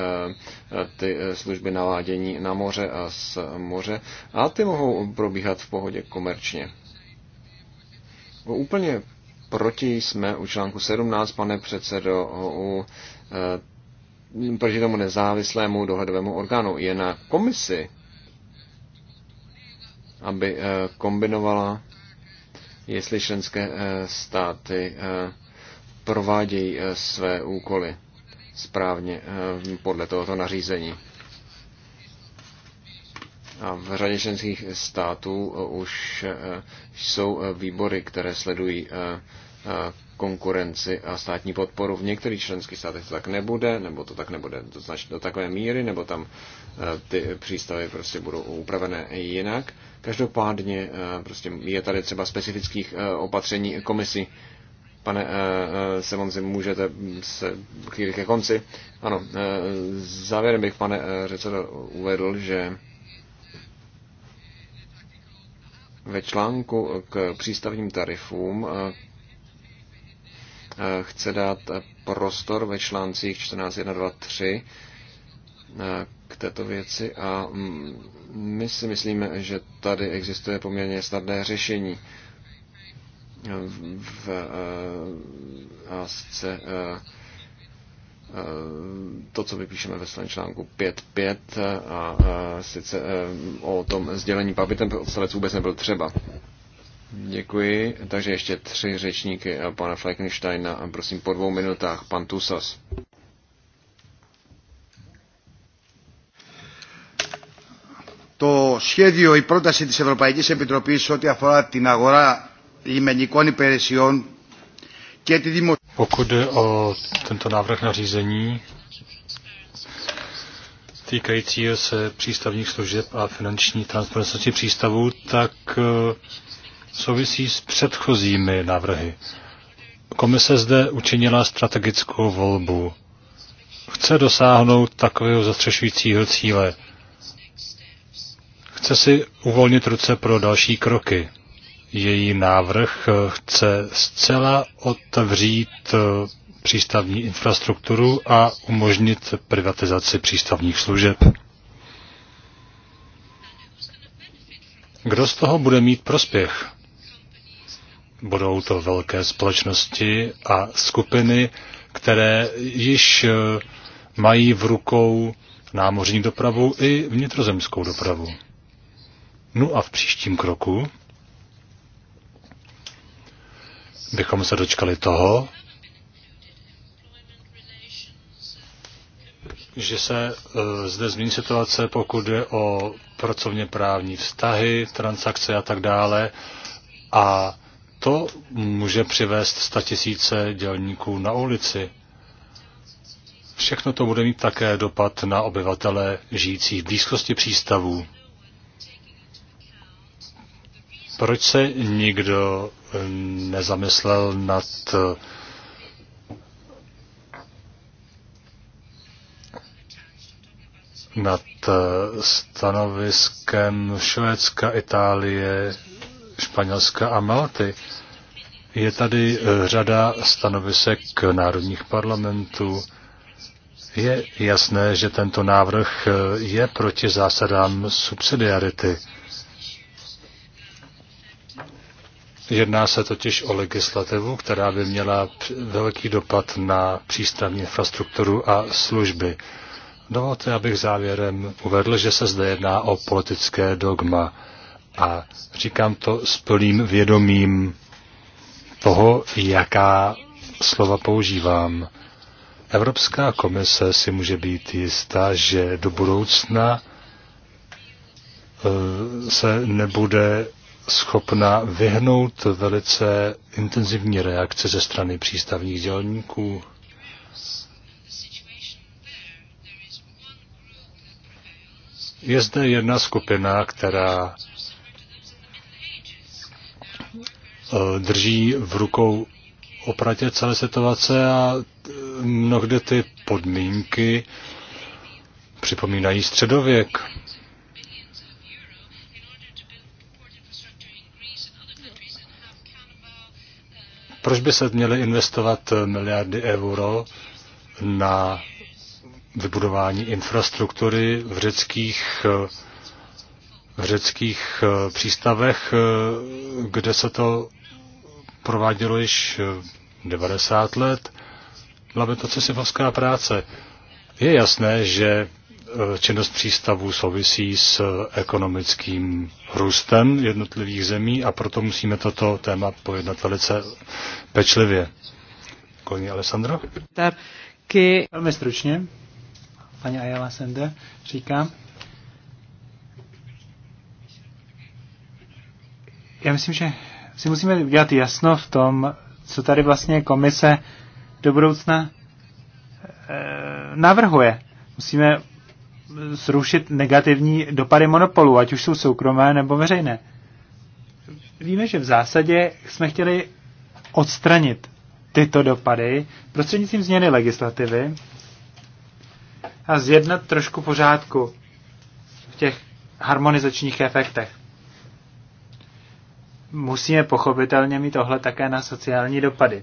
ty služby naládění na moře a z moře a ty mohou probíhat v pohodě komerčně. No, úplně proti jsme u článku 17, pane předsedo, u proti tomu nezávislému dohledovému orgánu. Je na komisi, aby kombinovala jestli členské eh, státy eh, provádějí eh, své úkoly správně podle tohoto nařízení. A v řadě členských států už jsou výbory, které sledují konkurenci a státní podporu. V některých členských státech to tak nebude, nebo to tak nebude do, znač- do takové míry, nebo tam ty přístavy prostě budou upravené jinak. Každopádně eh, prostě je tady třeba specifických eh, opatření komisí. Pane eh, Semonzi, můžete se chvíli ke konci. Ano, závěrem bych, pane předsedo, uvedl, že ve článku k přístavním tarifům chce dát prostor ve článcích 14.1.2.3 této věci a mm, my si myslíme, že tady existuje poměrně snadné řešení. V eh, a eh, eh, to, co vypíšeme ve svém článku 5.5 a sice o tom sdělení papy ten odstavec vůbec nebyl třeba. Děkuji. Takže ještě tři řečníky pana Fleckensteina, prosím po dvou minutách, pan Tusas. το σχέδιο, η πρόταση της Ευρωπαϊκής Επιτροπής ό,τι αφορά την αγορά λιμενικών υπηρεσιών και τη δημοσιογραφία. Pokud jde o tento návrh na řízení týkajícího se přístavních služeb a finanční transparentnosti přístavů, tak eh, souvisí s předchozími návrhy. Komise zde učinila strategickou volbu. Chce dosáhnout takového zastřešujícího cíle. Chce si uvolnit ruce pro další kroky. Její návrh eh, chce zcela otevřít eh, přístavní infrastrukturu a umožnit privatizaci přístavních služeb. Kdo z toho bude mít prospěch? Budou to velké společnosti a skupiny, které již eh, mají v rukou námořní dopravu i vnitrozemskou dopravu. No a v příštím kroku bychom se dočkali toho, že se e, zde změní situace, pokud je o pracovně právní vztahy, transakce a tak dále. A to může přivést tisíce dělníků na ulici. Všechno to bude mít také dopad na obyvatele žijící v blízkosti přístavů. Proč se nikdo eh, nezamyslel nad eh, nad eh, stanoviskem Švédska, Itálie, Španělska a Malty. Je tady řada stanovisek národních parlamentů. Je jasné, že tento návrh je proti zásadám subsidiarity. Jedná se totiž o legislativu, která by měla velký dopad na přístavní infrastrukturu a služby. Dovolte, abych závěrem uvedl, že se zde jedná o politické dogma. A říkám to s plným vědomím toho, jaká slova používám. Evropská komise si může být jistá, že do budoucna eh, se nebude schopna vyhnout velice intenzivní reakce ze strany přístavních dělníků. Je zde jedna skupina, která eh, drží v rukou opratě celé situace a eh, mnohdy ty podmínky připomínají středověk. Proč by se měly investovat eh, miliardy euro na vybudování infrastruktury v řeckých, eh, v řeckých eh, přístavech, kde se to provádělo již 90 let. Byla by to cesivovská práce. Je jasné, že Eh, činnost přístavů souvisí s eh, ekonomickým růstem jednotlivých zemí a proto musíme toto téma pojednat velice pečlivě. Koní Alessandro? Taky. Velmi stručně. Paní Ayala Sende říká. Já myslím, že si musíme udělat jasno v tom, co tady vlastně komise do budoucna eh, navrhuje. Musíme zrušit negativní dopady monopolu, ať už jsou soukromé nebo veřejné. Víme, že v zásadě jsme chtěli odstranit tyto dopady prostřednictvím změny legislativy a zjednat trošku pořádku v těch harmonizačních efektech. Musíme pochopitelně mít tohle také na sociální dopady.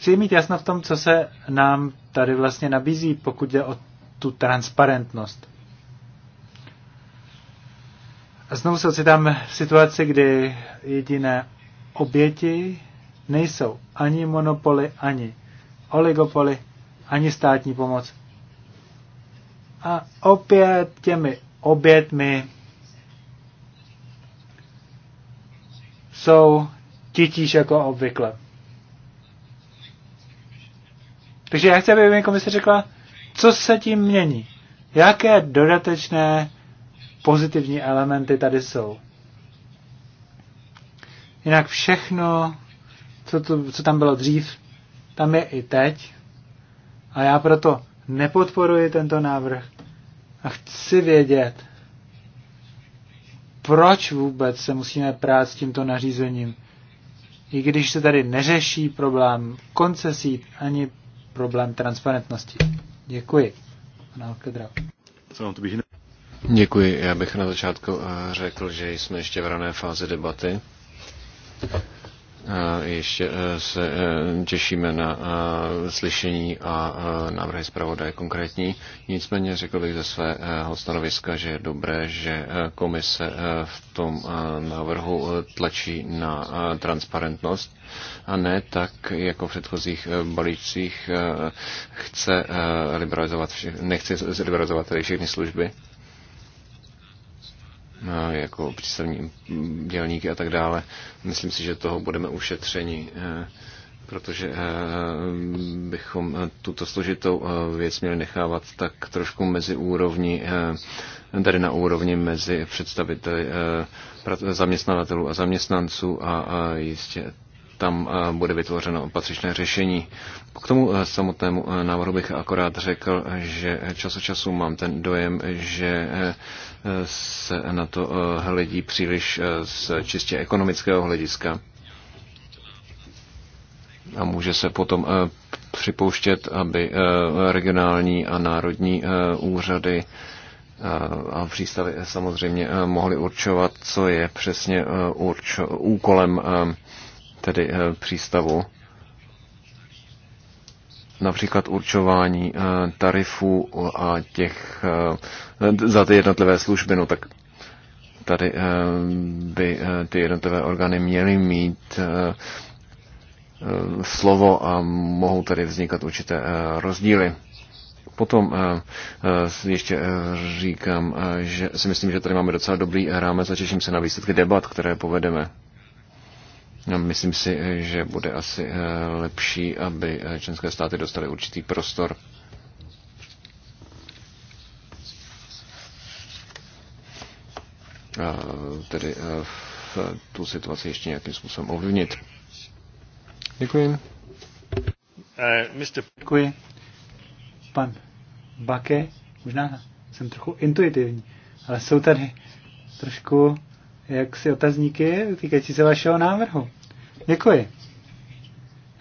chci mít jasno v tom, co se nám tady vlastně nabízí, pokud jde o tu transparentnost. A znovu se ocitám v situaci, kdy jediné oběti nejsou ani monopoly, ani oligopoly, ani státní pomoc. A opět těmi obětmi jsou titíž jako obvykle. Takže já chci, aby mi komise řekla, co se tím mění. Jaké dodatečné pozitivní elementy tady jsou. Jinak všechno, co, tu, co tam bylo dřív, tam je i teď. A já proto nepodporuji tento návrh a chci vědět, proč vůbec se musíme prát s tímto nařízením, i když se tady neřeší problém koncesí ani problém transparentnosti. Děkuji. Děkuji. Já bych na začátku eh, řekl, že jsme ještě v rané fázi debaty ještě e, se e, těšíme na e, slyšení a návrhy zpravodaje konkrétní. Nicméně řekl bych ze svého stanoviska, že je dobré, že komise v tom návrhu tlačí na transparentnost a ne tak, jako v předchozích balících chce liberalizovat, nechce liberalizovat tedy všechny služby jako přístavní dělníky a tak dále. Myslím si, že toho budeme ušetřeni, eh, protože eh, bychom eh, tuto složitou věc měli nechávat tak trošku mezi úrovni, tady na úrovni mezi představiteli zaměstnavatelů a zaměstnanců a jistě tam eh, bude vytvořeno patřičné řešení. K tomu eh, samotnému eh, návrhu bych akorát řekl, že čas od času mám ten dojem, že se na to hledí příliš z čistě ekonomického hlediska. A může se potom připouštět, aby regionální a národní úřady a přístavy samozřejmě mohly určovat, co je přesně úkolem tedy eh, přístavu, například určování eh, tarifů a těch eh, za ty jednotlivé služby, no tak tady by ty jednotlivé orgány měly mít slovo a mohou tady vznikat určité rozdíly. Potom ještě říkám, že si myslím, že tady máme docela dobrý rámec a těším se na výsledky debat, které povedeme. No, myslím si, že bude asi eh, lepší, aby eh, členské státy dostaly určitý prostor. Tedy eh, v tu situaci ještě nějakým způsobem ovlivnit. Děkuji. Děkuji. Pan Bake, možná jsem trochu intuitivní, ale jsou tady trošku jak si otazníky týkající se vašeho návrhu. Děkuji.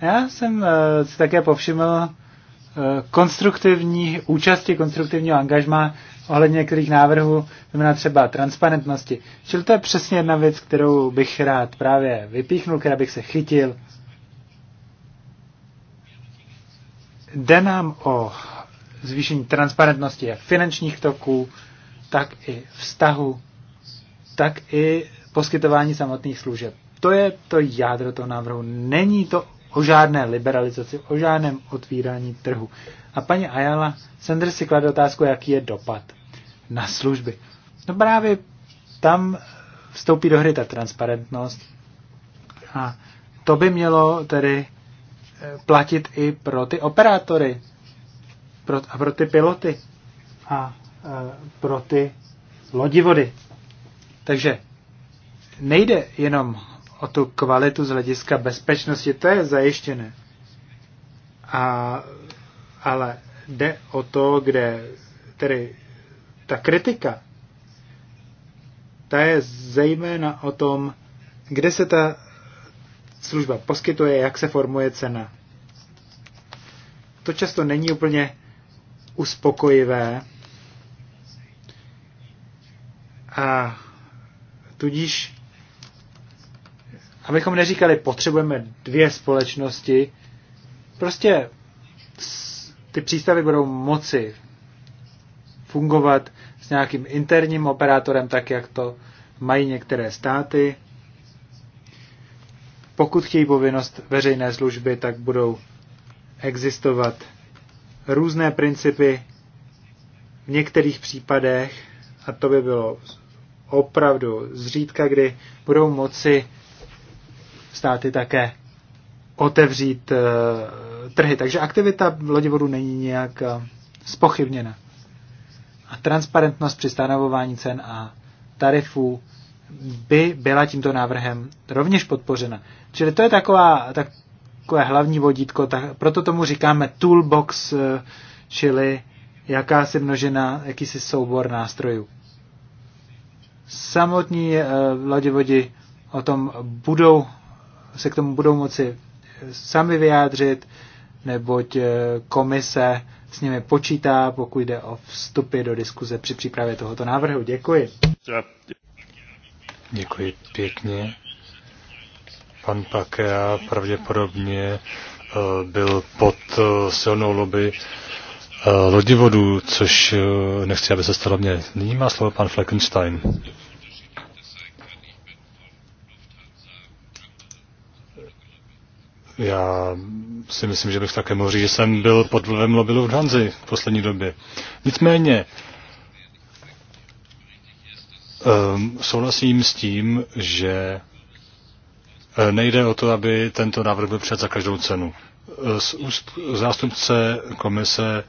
Já jsem uh, si také povšiml uh, konstruktivní účasti, konstruktivního angažma ohledně některých návrhů, znamená třeba transparentnosti. Čili to je přesně jedna věc, kterou bych rád právě vypíchnul, která bych se chytil. Jde nám o zvýšení transparentnosti jak finančních toků, tak i vztahu tak i poskytování samotných služeb. To je to jádro toho návrhu. Není to o žádné liberalizaci, o žádném otvírání trhu. A paní Ayala Sanders si klade otázku, jaký je dopad na služby. No právě tam vstoupí do hry ta transparentnost a to by mělo tedy eh, platit i pro ty operátory pro, a pro ty piloty a eh, pro ty lodivody. Takže nejde jenom o tu kvalitu z hlediska bezpečnosti, to je zajištěné. A, ale jde o to, kde tedy ta kritika, ta je zejména o tom, kde se ta služba poskytuje, jak se formuje cena. To často není úplně uspokojivé. A Tudíž, abychom neříkali, potřebujeme dvě společnosti, prostě ty přístavy budou moci fungovat s nějakým interním operátorem, tak jak to mají některé státy. Pokud chtějí povinnost veřejné služby, tak budou existovat různé principy v některých případech, a to by bylo opravdu zřídka, kdy budou moci státy také otevřít uh, trhy. Takže aktivita lodivodu není nějak uh, spochybněna. A transparentnost při stanovování cen a tarifů by byla tímto návrhem rovněž podpořena. Čili to je taková, takové hlavní vodítko, tak, proto tomu říkáme toolbox, eh, čili jakási množena, jakýsi soubor nástrojů samotní eh, lodivodi o tom budou, se k tomu budou moci eh, sami vyjádřit, neboť eh, komise s nimi počítá, pokud jde o vstupy do diskuze při přípravě tohoto návrhu. Děkuji. Děkuji pěkně. Pan Pakea pravděpodobně byl pod silnou lobby lodivodů, eh, což eh, nechci, aby se stalo mě. Nyní má slovo pan Fleckenstein. Já si myslím, že bych také mohl říct, že jsem byl pod vlivem Lobilu v Hanzi v poslední době. Nicméně, um, souhlasím s tím, že eh, nejde o to, aby tento návrh byl přijat za každou cenu. Z úst zástupce komise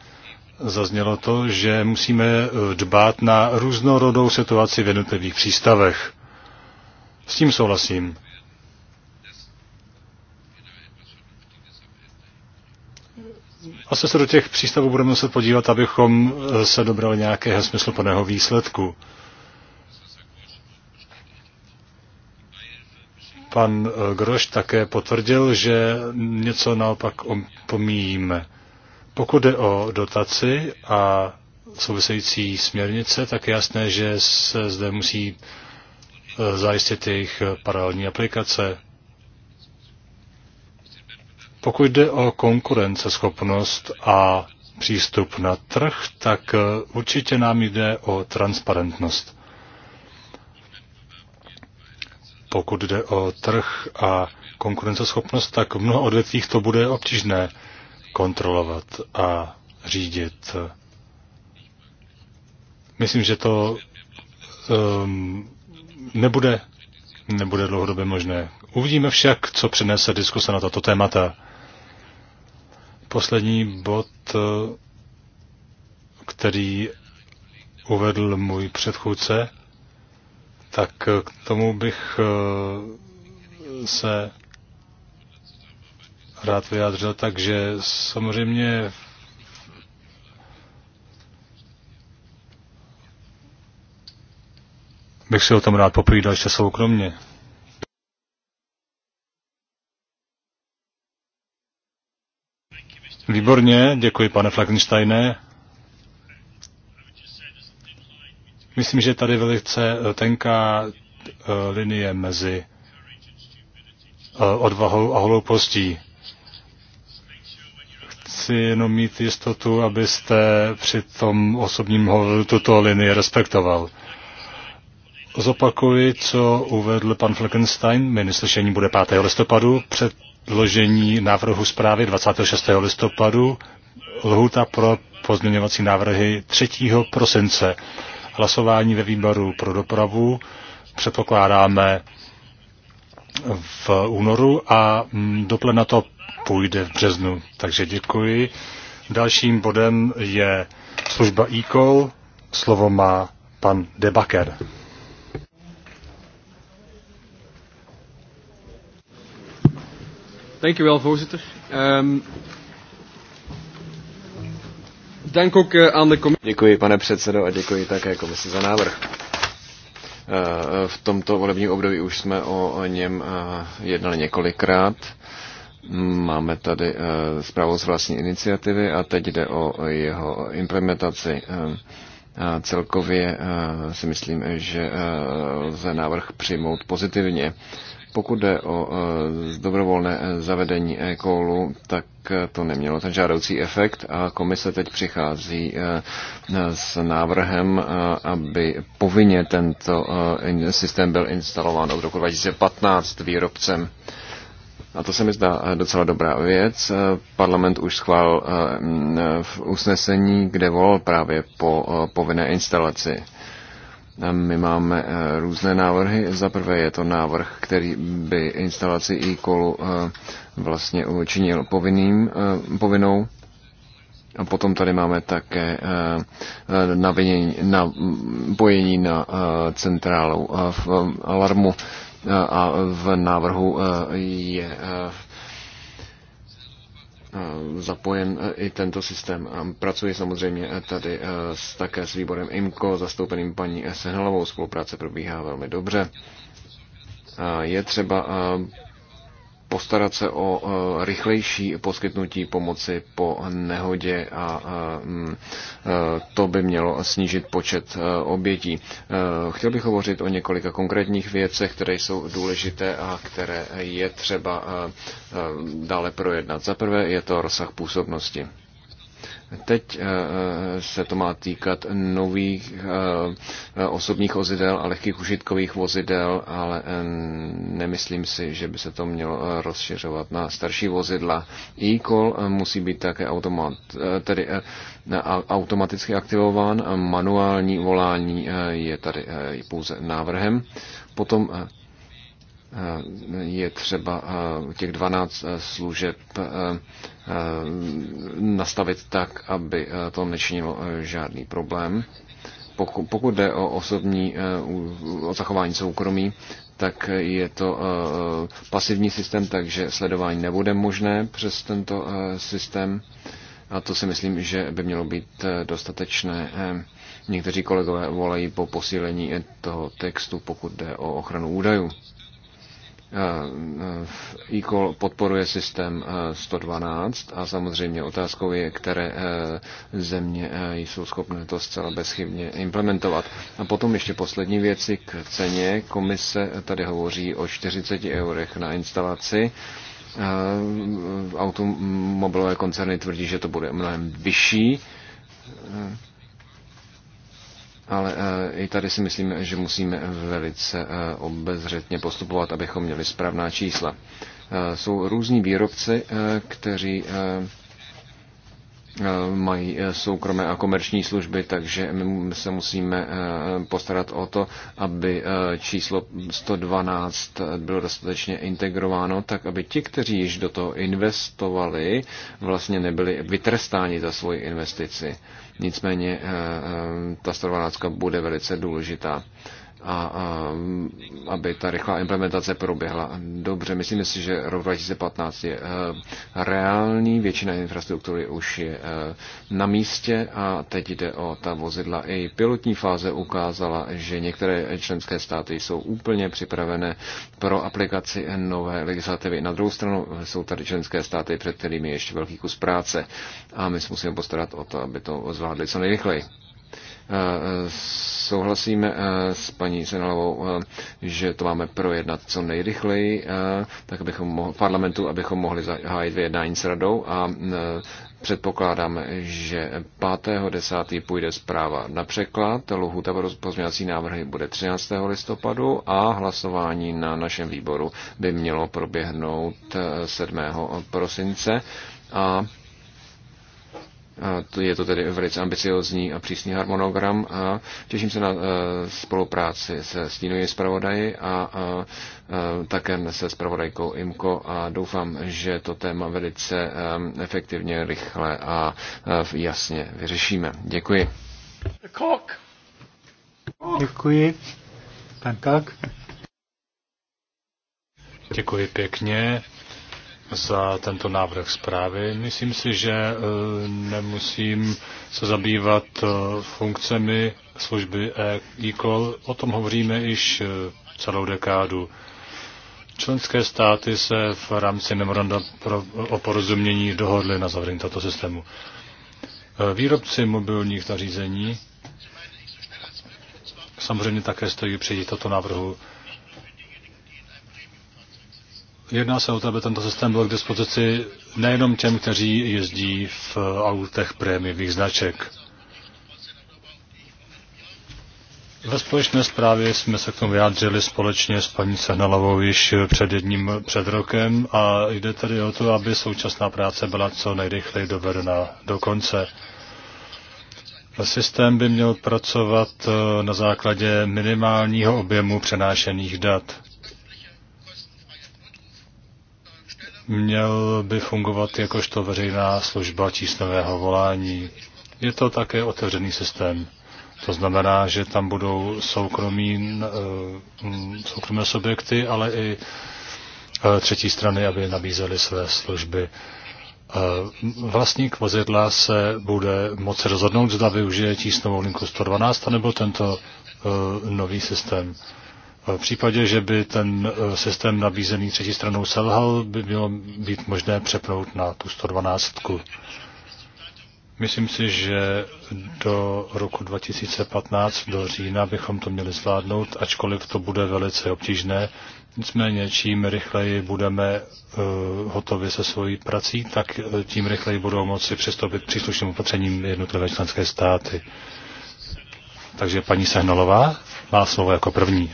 zaznělo to, že musíme eh, dbát na různorodou situaci v jednotlivých přístavech. S tím souhlasím. A se do těch přístavů budeme muset podívat, abychom eh, se dobrali nějakého smysluplného výsledku. Pan eh, Groš také potvrdil, že něco naopak pomíjíme. Pokud jde o dotaci a související směrnice, tak je jasné, že se zde musí e, zajistit jejich paralelní aplikace. Pokud jde o konkurenceschopnost a přístup na trh, tak e, určitě nám jde o transparentnost. Pokud jde o trh a konkurenceschopnost, tak v mnoha odvětvích to bude obtížné kontrolovat a řídit. Myslím, že to um, nebude, nebude dlouhodobě možné. Uvidíme však, co přinese diskuse na tato témata. Poslední bod, eh, který uvedl můj předchůdce, tak k tomu bych eh, se rád vyjádřil, takže samozřejmě bych si o tom rád popovídal ještě soukromně. Výborně, děkuji pane Flakensteine. Myslím, že tady velice tenká eh, linie mezi eh, odvahou a hloupostí chci jenom mít jistotu, abyste při tom osobním hovoru tuto linii respektoval. Zopakuji, co uvedl pan Fleckenstein. Minislyšení bude 5. listopadu, předložení návrhu zprávy 26. listopadu, lhuta pro pozměňovací návrhy 3. prosince, hlasování ve výboru pro dopravu předpokládáme v únoru a doplne na to půjde v březnu. Takže děkuji. Dalším bodem je služba e -call. Slovo má pan Debaker. Dank u wel, voorzitter. Um, dank ook uh, aan de commissie. Děkuji, pane předsedo, a děkuji také komisi za návrh. Eh, v tomto volebním období už jsme o něm eh, jednali několikrát Máme tady eh, zprávu z vlastní iniciativy a teď jde o jeho implementaci. Eh, a celkově eh, si myslím, že lze návrh přijmout pozitivně. Pokud jde o dobrovolné zavedení e tak to nemělo ten žádoucí efekt a komise teď přichází s návrhem, aby povinně tento systém byl instalován od roku 2015 výrobcem. A to se mi zdá eh, docela dobrá věc. Eh, parlament už schválil eh, v usnesení, kde volal právě po povinné instalaci. My máme různé návrhy. Za prvé je to návrh, který by instalaci e-callu vlastně učinil povinným, povinnou. A potom tady máme také napojení na centrálu v alarmu a v návrhu e, je e, e, zapojen i tento systém. Pracuji samozřejmě tady s, také s výborem IMCO, zastoupeným paní Sehnalovou. Spolupráce probíhá velmi dobře. Je třeba postarat se o e, rychlejší poskytnutí pomoci po nehodě a e, mm, e, to by mělo snížit počet obětí. Chtěl bych hovořit o několika konkrétních věcech, které jsou důležité a které je třeba dále projednat. Za prvé je to rozsah působnosti. Teď eh, eh, se to má týkat nových eh, osobních vozidel a lehkých užitkových vozidel, ale nemyslím si, že by se to mělo rozšiřovat na starší vozidla. E-call musí být také automat, tedy automaticky aktivován, manuální volání je tady pouze návrhem. Potom Eh, je třeba eh, těch 12 eh, služeb nastavit tak, aby to nečinilo žádný problém. Pokud jde o osobní o zachování soukromí, tak je to pasivní systém, takže sledování nebude možné přes tento systém. A to si myslím, že by mělo být dostatečné. Někteří kolegové volají po posílení toho textu, pokud jde o ochranu údajů e podporuje systém 112 eh, a samozřejmě otázkou je, které země jsou schopné to zcela bezchybně implementovat. A potom ještě poslední věci k ceně. Komise tady hovoří o 40 eurech na instalaci automobilové koncerny tvrdí, že to bude mnohem vyšší ale eh, i tady si myslím, že musíme velice eh, obezřetně postupovat, abychom měli správná čísla. Eh, jsou různí výrobci, kteří mají soukromé a komerční služby, takže my se musíme postarat o to, aby číslo 112 bylo dostatečně integrováno, tak aby ti, kteří již do toho investovali, vlastně nebyli vytrestáni za svoji investici. Nicméně eh, eh, ta starovanácka bude velice důležitá a, a aby ta rychlá implementace proběhla dobře. Myslím si, že rok 2015 je eh, reální, většina infrastruktury už je eh, na místě a teď jde o ta vozidla. I pilotní fáze ukázala, že některé členské státy jsou úplně připravené pro aplikaci nové legislativy. Na druhou stranu jsou tady členské státy, před kterými je ještě velký kus práce a my se musíme postarat o to, aby to zvládli co nejrychleji. Eh, souhlasíme eh, s paní Senalovou, eh, že to máme projednat co nejrychleji, tak abychom mohli, parlamentu, abychom mohli zahájit vyjednání s radou a Předpokládám, že 5.10. půjde zpráva na překlad, lhůta pro pozměňovací návrhy bude 13. listopadu a hlasování na našem výboru by mělo proběhnout 7. prosince a je to tedy velice ambiciozní a přísný harmonogram a těším se na e, spolupráci se stínují zpravodaji a e, také se zpravodajkou IMKO a doufám, že to téma velice e, efektivně, rychle a jasně vyřešíme. Děkuji. Děkuji. Pan Kok. Děkuji pěkně za tento návrh zprávy. Myslím si, že e, nemusím se zabývat e, funkcemi služby e-call. O tom hovoříme již e, celou dekádu. Členské státy se v rámci memoranda o porozumění dohodly na zavření tohoto systému. Výrobci mobilních zařízení samozřejmě také stojí při toto návrhu Jedná se o to, aby tento systém byl k dispozici nejenom těm, kteří jezdí v autech prémiových značek. Ve společné zprávě jsme se k tomu vyjádřili společně s paní Sehnalovou již před jedním před rokem a jde tedy o to, aby současná práce byla co nejrychleji dovedena do konce. Systém by měl pracovat eh, na základě minimálního objemu přenášených dat. měl by fungovat jakožto veřejná služba tísňového volání. Je to také otevřený systém. To znamená, že tam budou soukromí, eh, soukromé subjekty, ale i eh, třetí strany, aby nabízely své služby. Eh, vlastník vozidla se bude moci rozhodnout, zda využije tísnovou linku 112 nebo tento nový systém. V případě, že by ten eh, systém nabízený třetí stranou selhal, by bylo být možné přepnout na tu 112. Myslím si, že do roku 2015, do října, bychom to měli zvládnout, ačkoliv to bude velice obtížné. Nicméně, čím rychleji budeme uh, hotovi se svojí prací, tak uh, tím rychleji budou moci přistoupit příslušným opatřením jednotlivé členské státy. Takže paní Sehnalová má slovo jako první.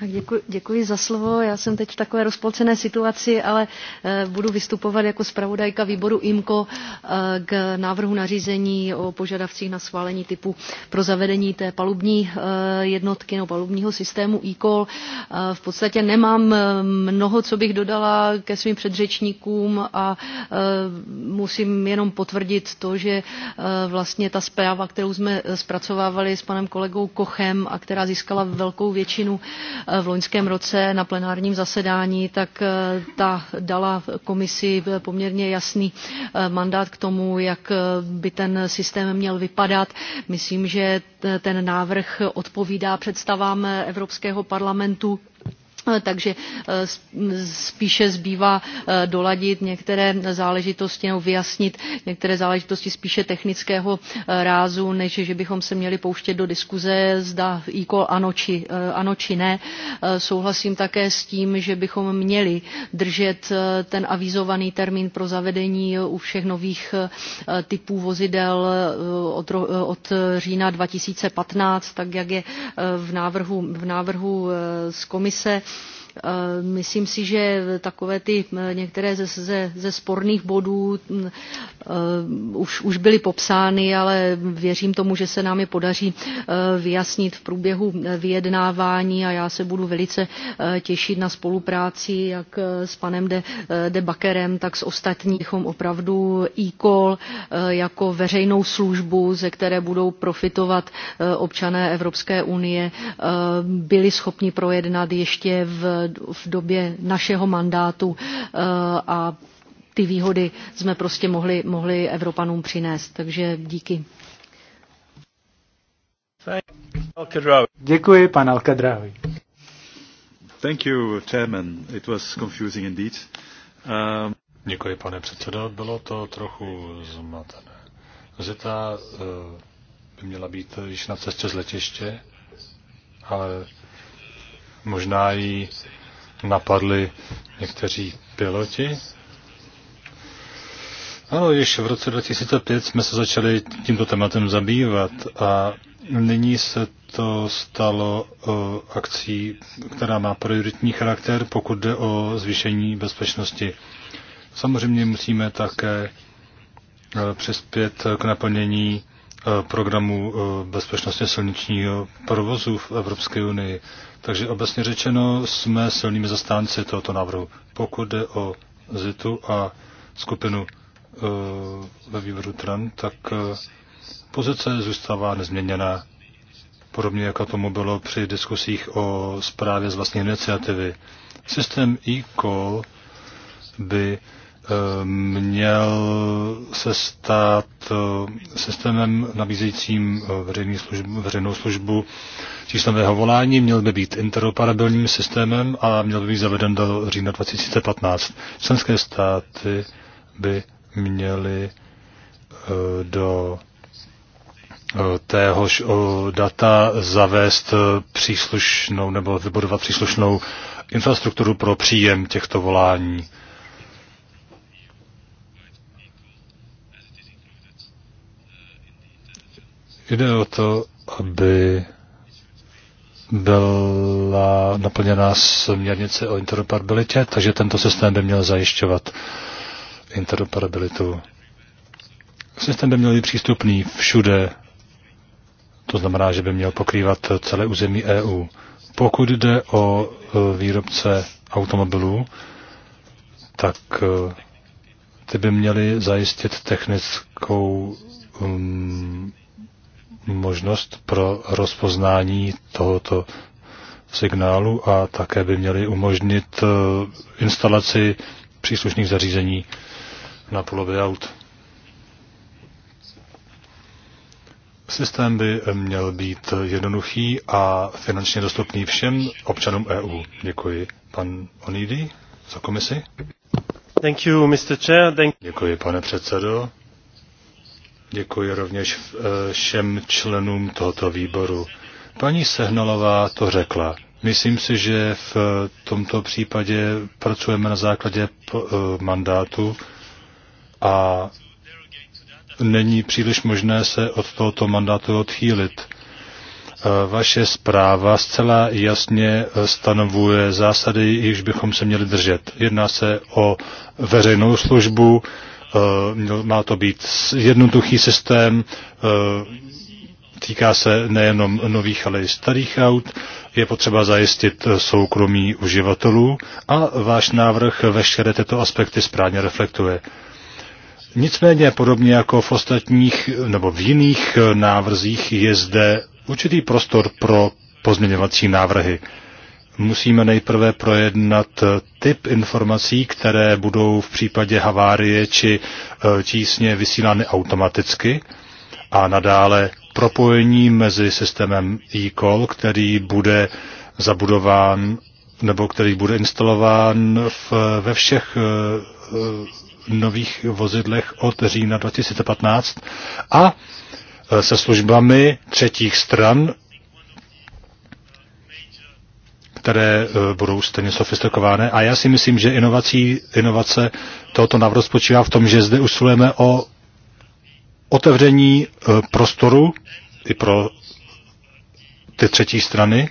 Tak děkuji, děkuji za slovo. Já jsem teď v takové rozpolcené situaci, ale eh, budu vystupovat jako zpravodajka výboru IMCO eh, k návrhu nařízení o požadavcích na schválení typu pro zavedení té palubní eh, jednotky nebo palubního systému e-call. V podstatě nemám mnoho, co bych dodala ke svým předřečníkům a musím jenom potvrdit to, že vlastně ta zpráva, kterou jsme zpracovávali s panem kolegou Kochem a která získala velkou většinu, Eh, v loňském roce na plenárním zasedání, tak eh, ta dala komisi eh, poměrně jasný mandát k tomu, jak by ten systém měl vypadat. Myslím, že ten návrh odpovídá představám Evropského parlamentu Eh, takže eh, spíše zbývá eh, doladit některé záležitosti nebo vyjasnit některé záležitosti spíše technického rázu, než že bychom se měli pouštět do diskuze, zda i ano či, ano či ne. Souhlasím také s tím, že bychom měli držet ten avizovaný termín pro zavedení u všech nových typů vozidel od, od října 2015, tak jak je v návrhu, v návrhu z komise Myslím si, že takové ty některé ze, ze, ze sporných bodů e, už, už byly popsány, ale věřím tomu, že se nám je podaří e, vyjasnit v průběhu e, vyjednávání a já se budu velice těšit na spolupráci jak s panem De, De Bakerem, tak s ostatní. Bychom opravdu e-call jako veřejnou službu, ze které budou profitovat občané Evropské unie, byli schopni projednat ještě v v době našeho mandátu eh, a ty výhody jsme prostě mohli, mohli Evropanům přinést. Takže díky. Děkuji, pan Alkadrávi. Thank you, Chairman. It was confusing indeed. Um... Děkuji, pane předsedo. Bylo to trochu zmatené. Zeta uh, by měla být již na cestě z letiště, ale Možná ji napadli někteří piloti. Ano, již v roce 2005 jsme se začali tímto tématem zabývat a nyní se to stalo eh, akcí, která má prioritní charakter, pokud jde o zvýšení bezpečnosti. Samozřejmě musíme také eh, přispět k naplnění Eh, programu eh, bezpečnostně silničního provozu v Evropské unii. Takže obecně řečeno jsme silnými zastánci tohoto návrhu. Pokud jde o ZITu a skupinu eh, ve výboru TRAN, tak pozice zůstává nezměněná. Podobně jako tomu bylo při diskusích o zprávě z vlastní iniciativy. Systém e-call by měl se stát eh, systémem nabízejícím eh, veřejný službu, veřejnou službu číslového volání, měl by být interoperabilním systémem a měl by být zaveden do října 2015. Členské státy by měly eh, do téhož data zavést příslušnou nebo vybudovat příslušnou infrastrukturu pro příjem těchto volání. Jde o to, aby byla naplněná směrnice o interoperabilitě, takže tento systém by měl zajišťovat interoperabilitu. Systém by měl být přístupný všude, to znamená, že by měl pokrývat celé území EU. Pokud jde o e, výrobce automobilů, tak e, ty by měly zajistit technickou um, možnost pro rozpoznání tohoto signálu a také by měly umožnit eh, instalaci příslušných zařízení na polově aut. Systém by měl být jednoduchý a finančně dostupný všem občanům EU. Děkuji. Pan Onidi za komisi. Thank you, Mr. Chair. Thank... Děkuji, pane předsedo. Děkuji rovněž eh, všem členům tohoto výboru. Paní Sehnalová to řekla. Myslím si, že v eh, tomto případě pracujeme na základě eh, mandátu a není příliš možné se od tohoto mandátu odchýlit. Vaše zpráva zcela jasně stanovuje zásady, jichž bychom se měli držet. Jedná se o veřejnou službu, Eh, má to být jednoduchý systém, eh, týká se nejenom nových, ale i starých aut. Je potřeba zajistit soukromí uživatelů a váš návrh veškeré tyto aspekty správně reflektuje. Nicméně podobně jako v ostatních nebo v jiných návrzích je zde určitý prostor pro pozměňovací návrhy musíme nejprve projednat eh, typ informací, které budou v případě havárie či eh, tísně vysílány automaticky a nadále propojení mezi systémem e-call, který bude zabudován nebo který bude instalován v, ve všech eh, nových vozidlech od října 2015 a se službami třetích stran, které eh, budou stejně sofistikované. A já si myslím, že inovací, inovace tohoto návrhu spočívá v tom, že zde usilujeme o otevření eh, prostoru i pro ty třetí strany,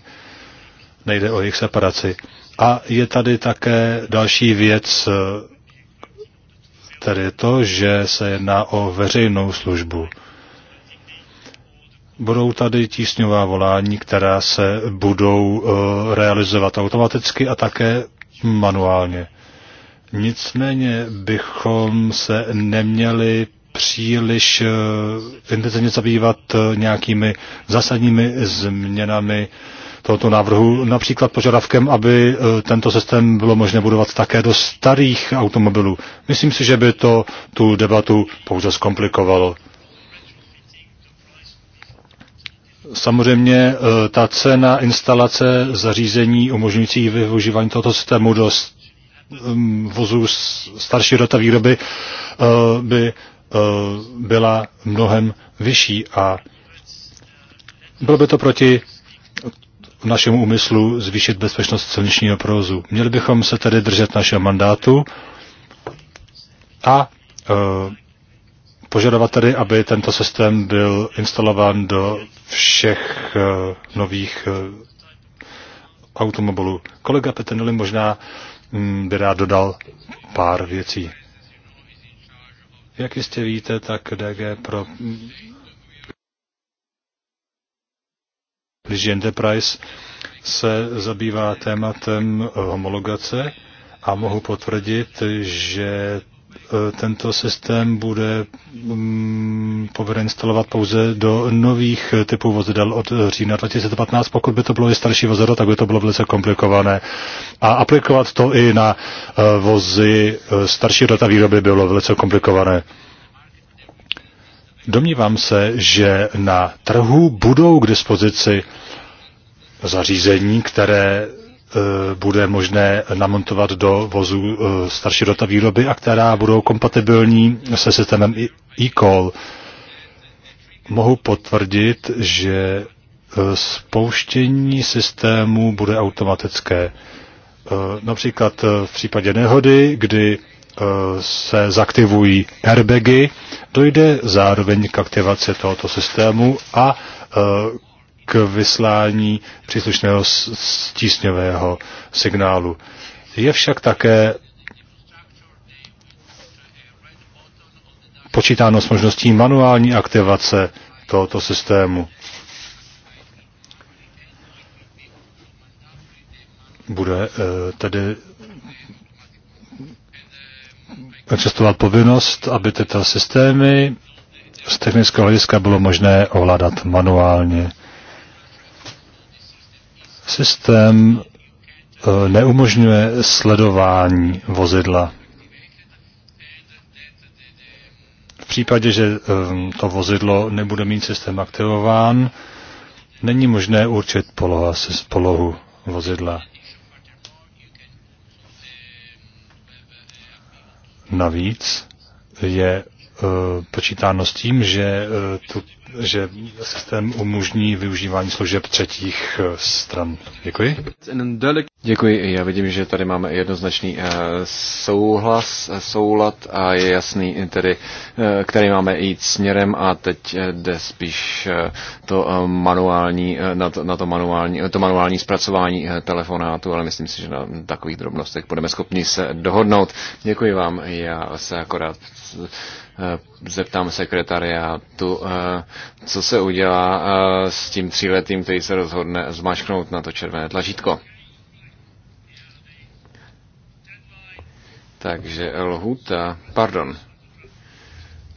nejde o jejich separaci. A je tady také další věc, eh, tedy to, že se jedná o veřejnou službu budou tady tísňová volání, která se budou eh, realizovat automaticky a také manuálně. Nicméně bychom se neměli příliš eh, intenzivně zabývat eh, nějakými zásadními změnami tohoto návrhu, například požadavkem, aby tento systém bylo možné budovat také do starých automobilů. Myslím si, že by to tu debatu pouze zkomplikovalo. Samozřejmě eh, ta cena instalace zařízení umožňující využívání tohoto systému do mm, vozů starší data výroby eh, by eh, byla mnohem vyšší a bylo by to proti našemu úmyslu zvýšit bezpečnost silničního provozu. Měli bychom se tedy držet našeho mandátu a Požadovat tedy, aby tento systém byl instalován do všech eh, nových eh, automobilů. Kolega Petenelli možná mm, by rád dodal pár věcí. Jak jistě víte, tak DG pro mm, Liži Enterprise se zabývá tématem homologace a mohu potvrdit, že E, tento systém bude mm, povinen instalovat pouze do nových typů vozidel od října 2015. Pokud by to bylo i starší vozidlo, tak by to bylo velice komplikované. A aplikovat to i na e, vozy e, staršího data výroby bylo velice komplikované. Domnívám se, že na trhu budou k dispozici zařízení, které Eh, bude možné namontovat do vozů eh, starší data výroby a která budou kompatibilní se systémem e-call. Mohu potvrdit, že eh, spouštění systému bude automatické. Například v případě nehody, kdy se zaktivují airbagy, dojde zároveň k aktivaci tohoto systému a k vyslání příslušného stísňového signálu. Je však také počítáno s možností manuální aktivace tohoto systému. Bude eh, tedy existovat povinnost, aby tyto systémy z technického hlediska bylo možné ovládat manuálně. Systém eh, neumožňuje sledování vozidla. V případě, že eh, to vozidlo nebude mít systém aktivován, není možné určit poloha, polohu vozidla. Navíc je eh, počítáno s tím, že tu že systém umožní využívání služeb třetích eh, stran. Děkuji. Děkuji. Já vidím, že tady máme jednoznačný eh, souhlas, eh, soulad a je jasný tedy, který máme jít směrem a teď jde spíš to manuální, na to, na to, manuální, to manuální zpracování telefonátu, ale myslím si, že na takových drobnostech budeme schopni se dohodnout. Děkuji vám. Já se akorát Eh, zeptám sekretariátu, eh, co se udělá eh, s tím tříletým, který se rozhodne zmačknout na to červené tlačítko. Takže Lhuta, pardon,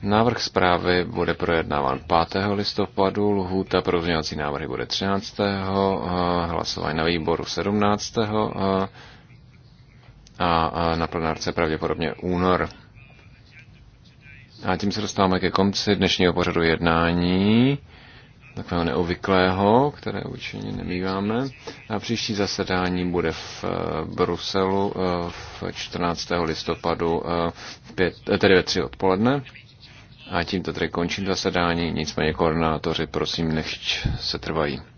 Návrh zprávy bude projednáván 5. listopadu, lhůta pro pozměňovací návrhy bude 13. hlasování na výboru 17. a na plenárce pravděpodobně únor. A tím se dostáváme ke konci dnešního pořadu jednání, takového neobvyklého, které určitě nemýváme. A příští zasedání bude v eh, Bruselu eh, v 14. listopadu, eh, v 5, tedy ve 3 odpoledne. A tímto tedy končím zasedání, nicméně koordinátoři, prosím, nechť se trvají.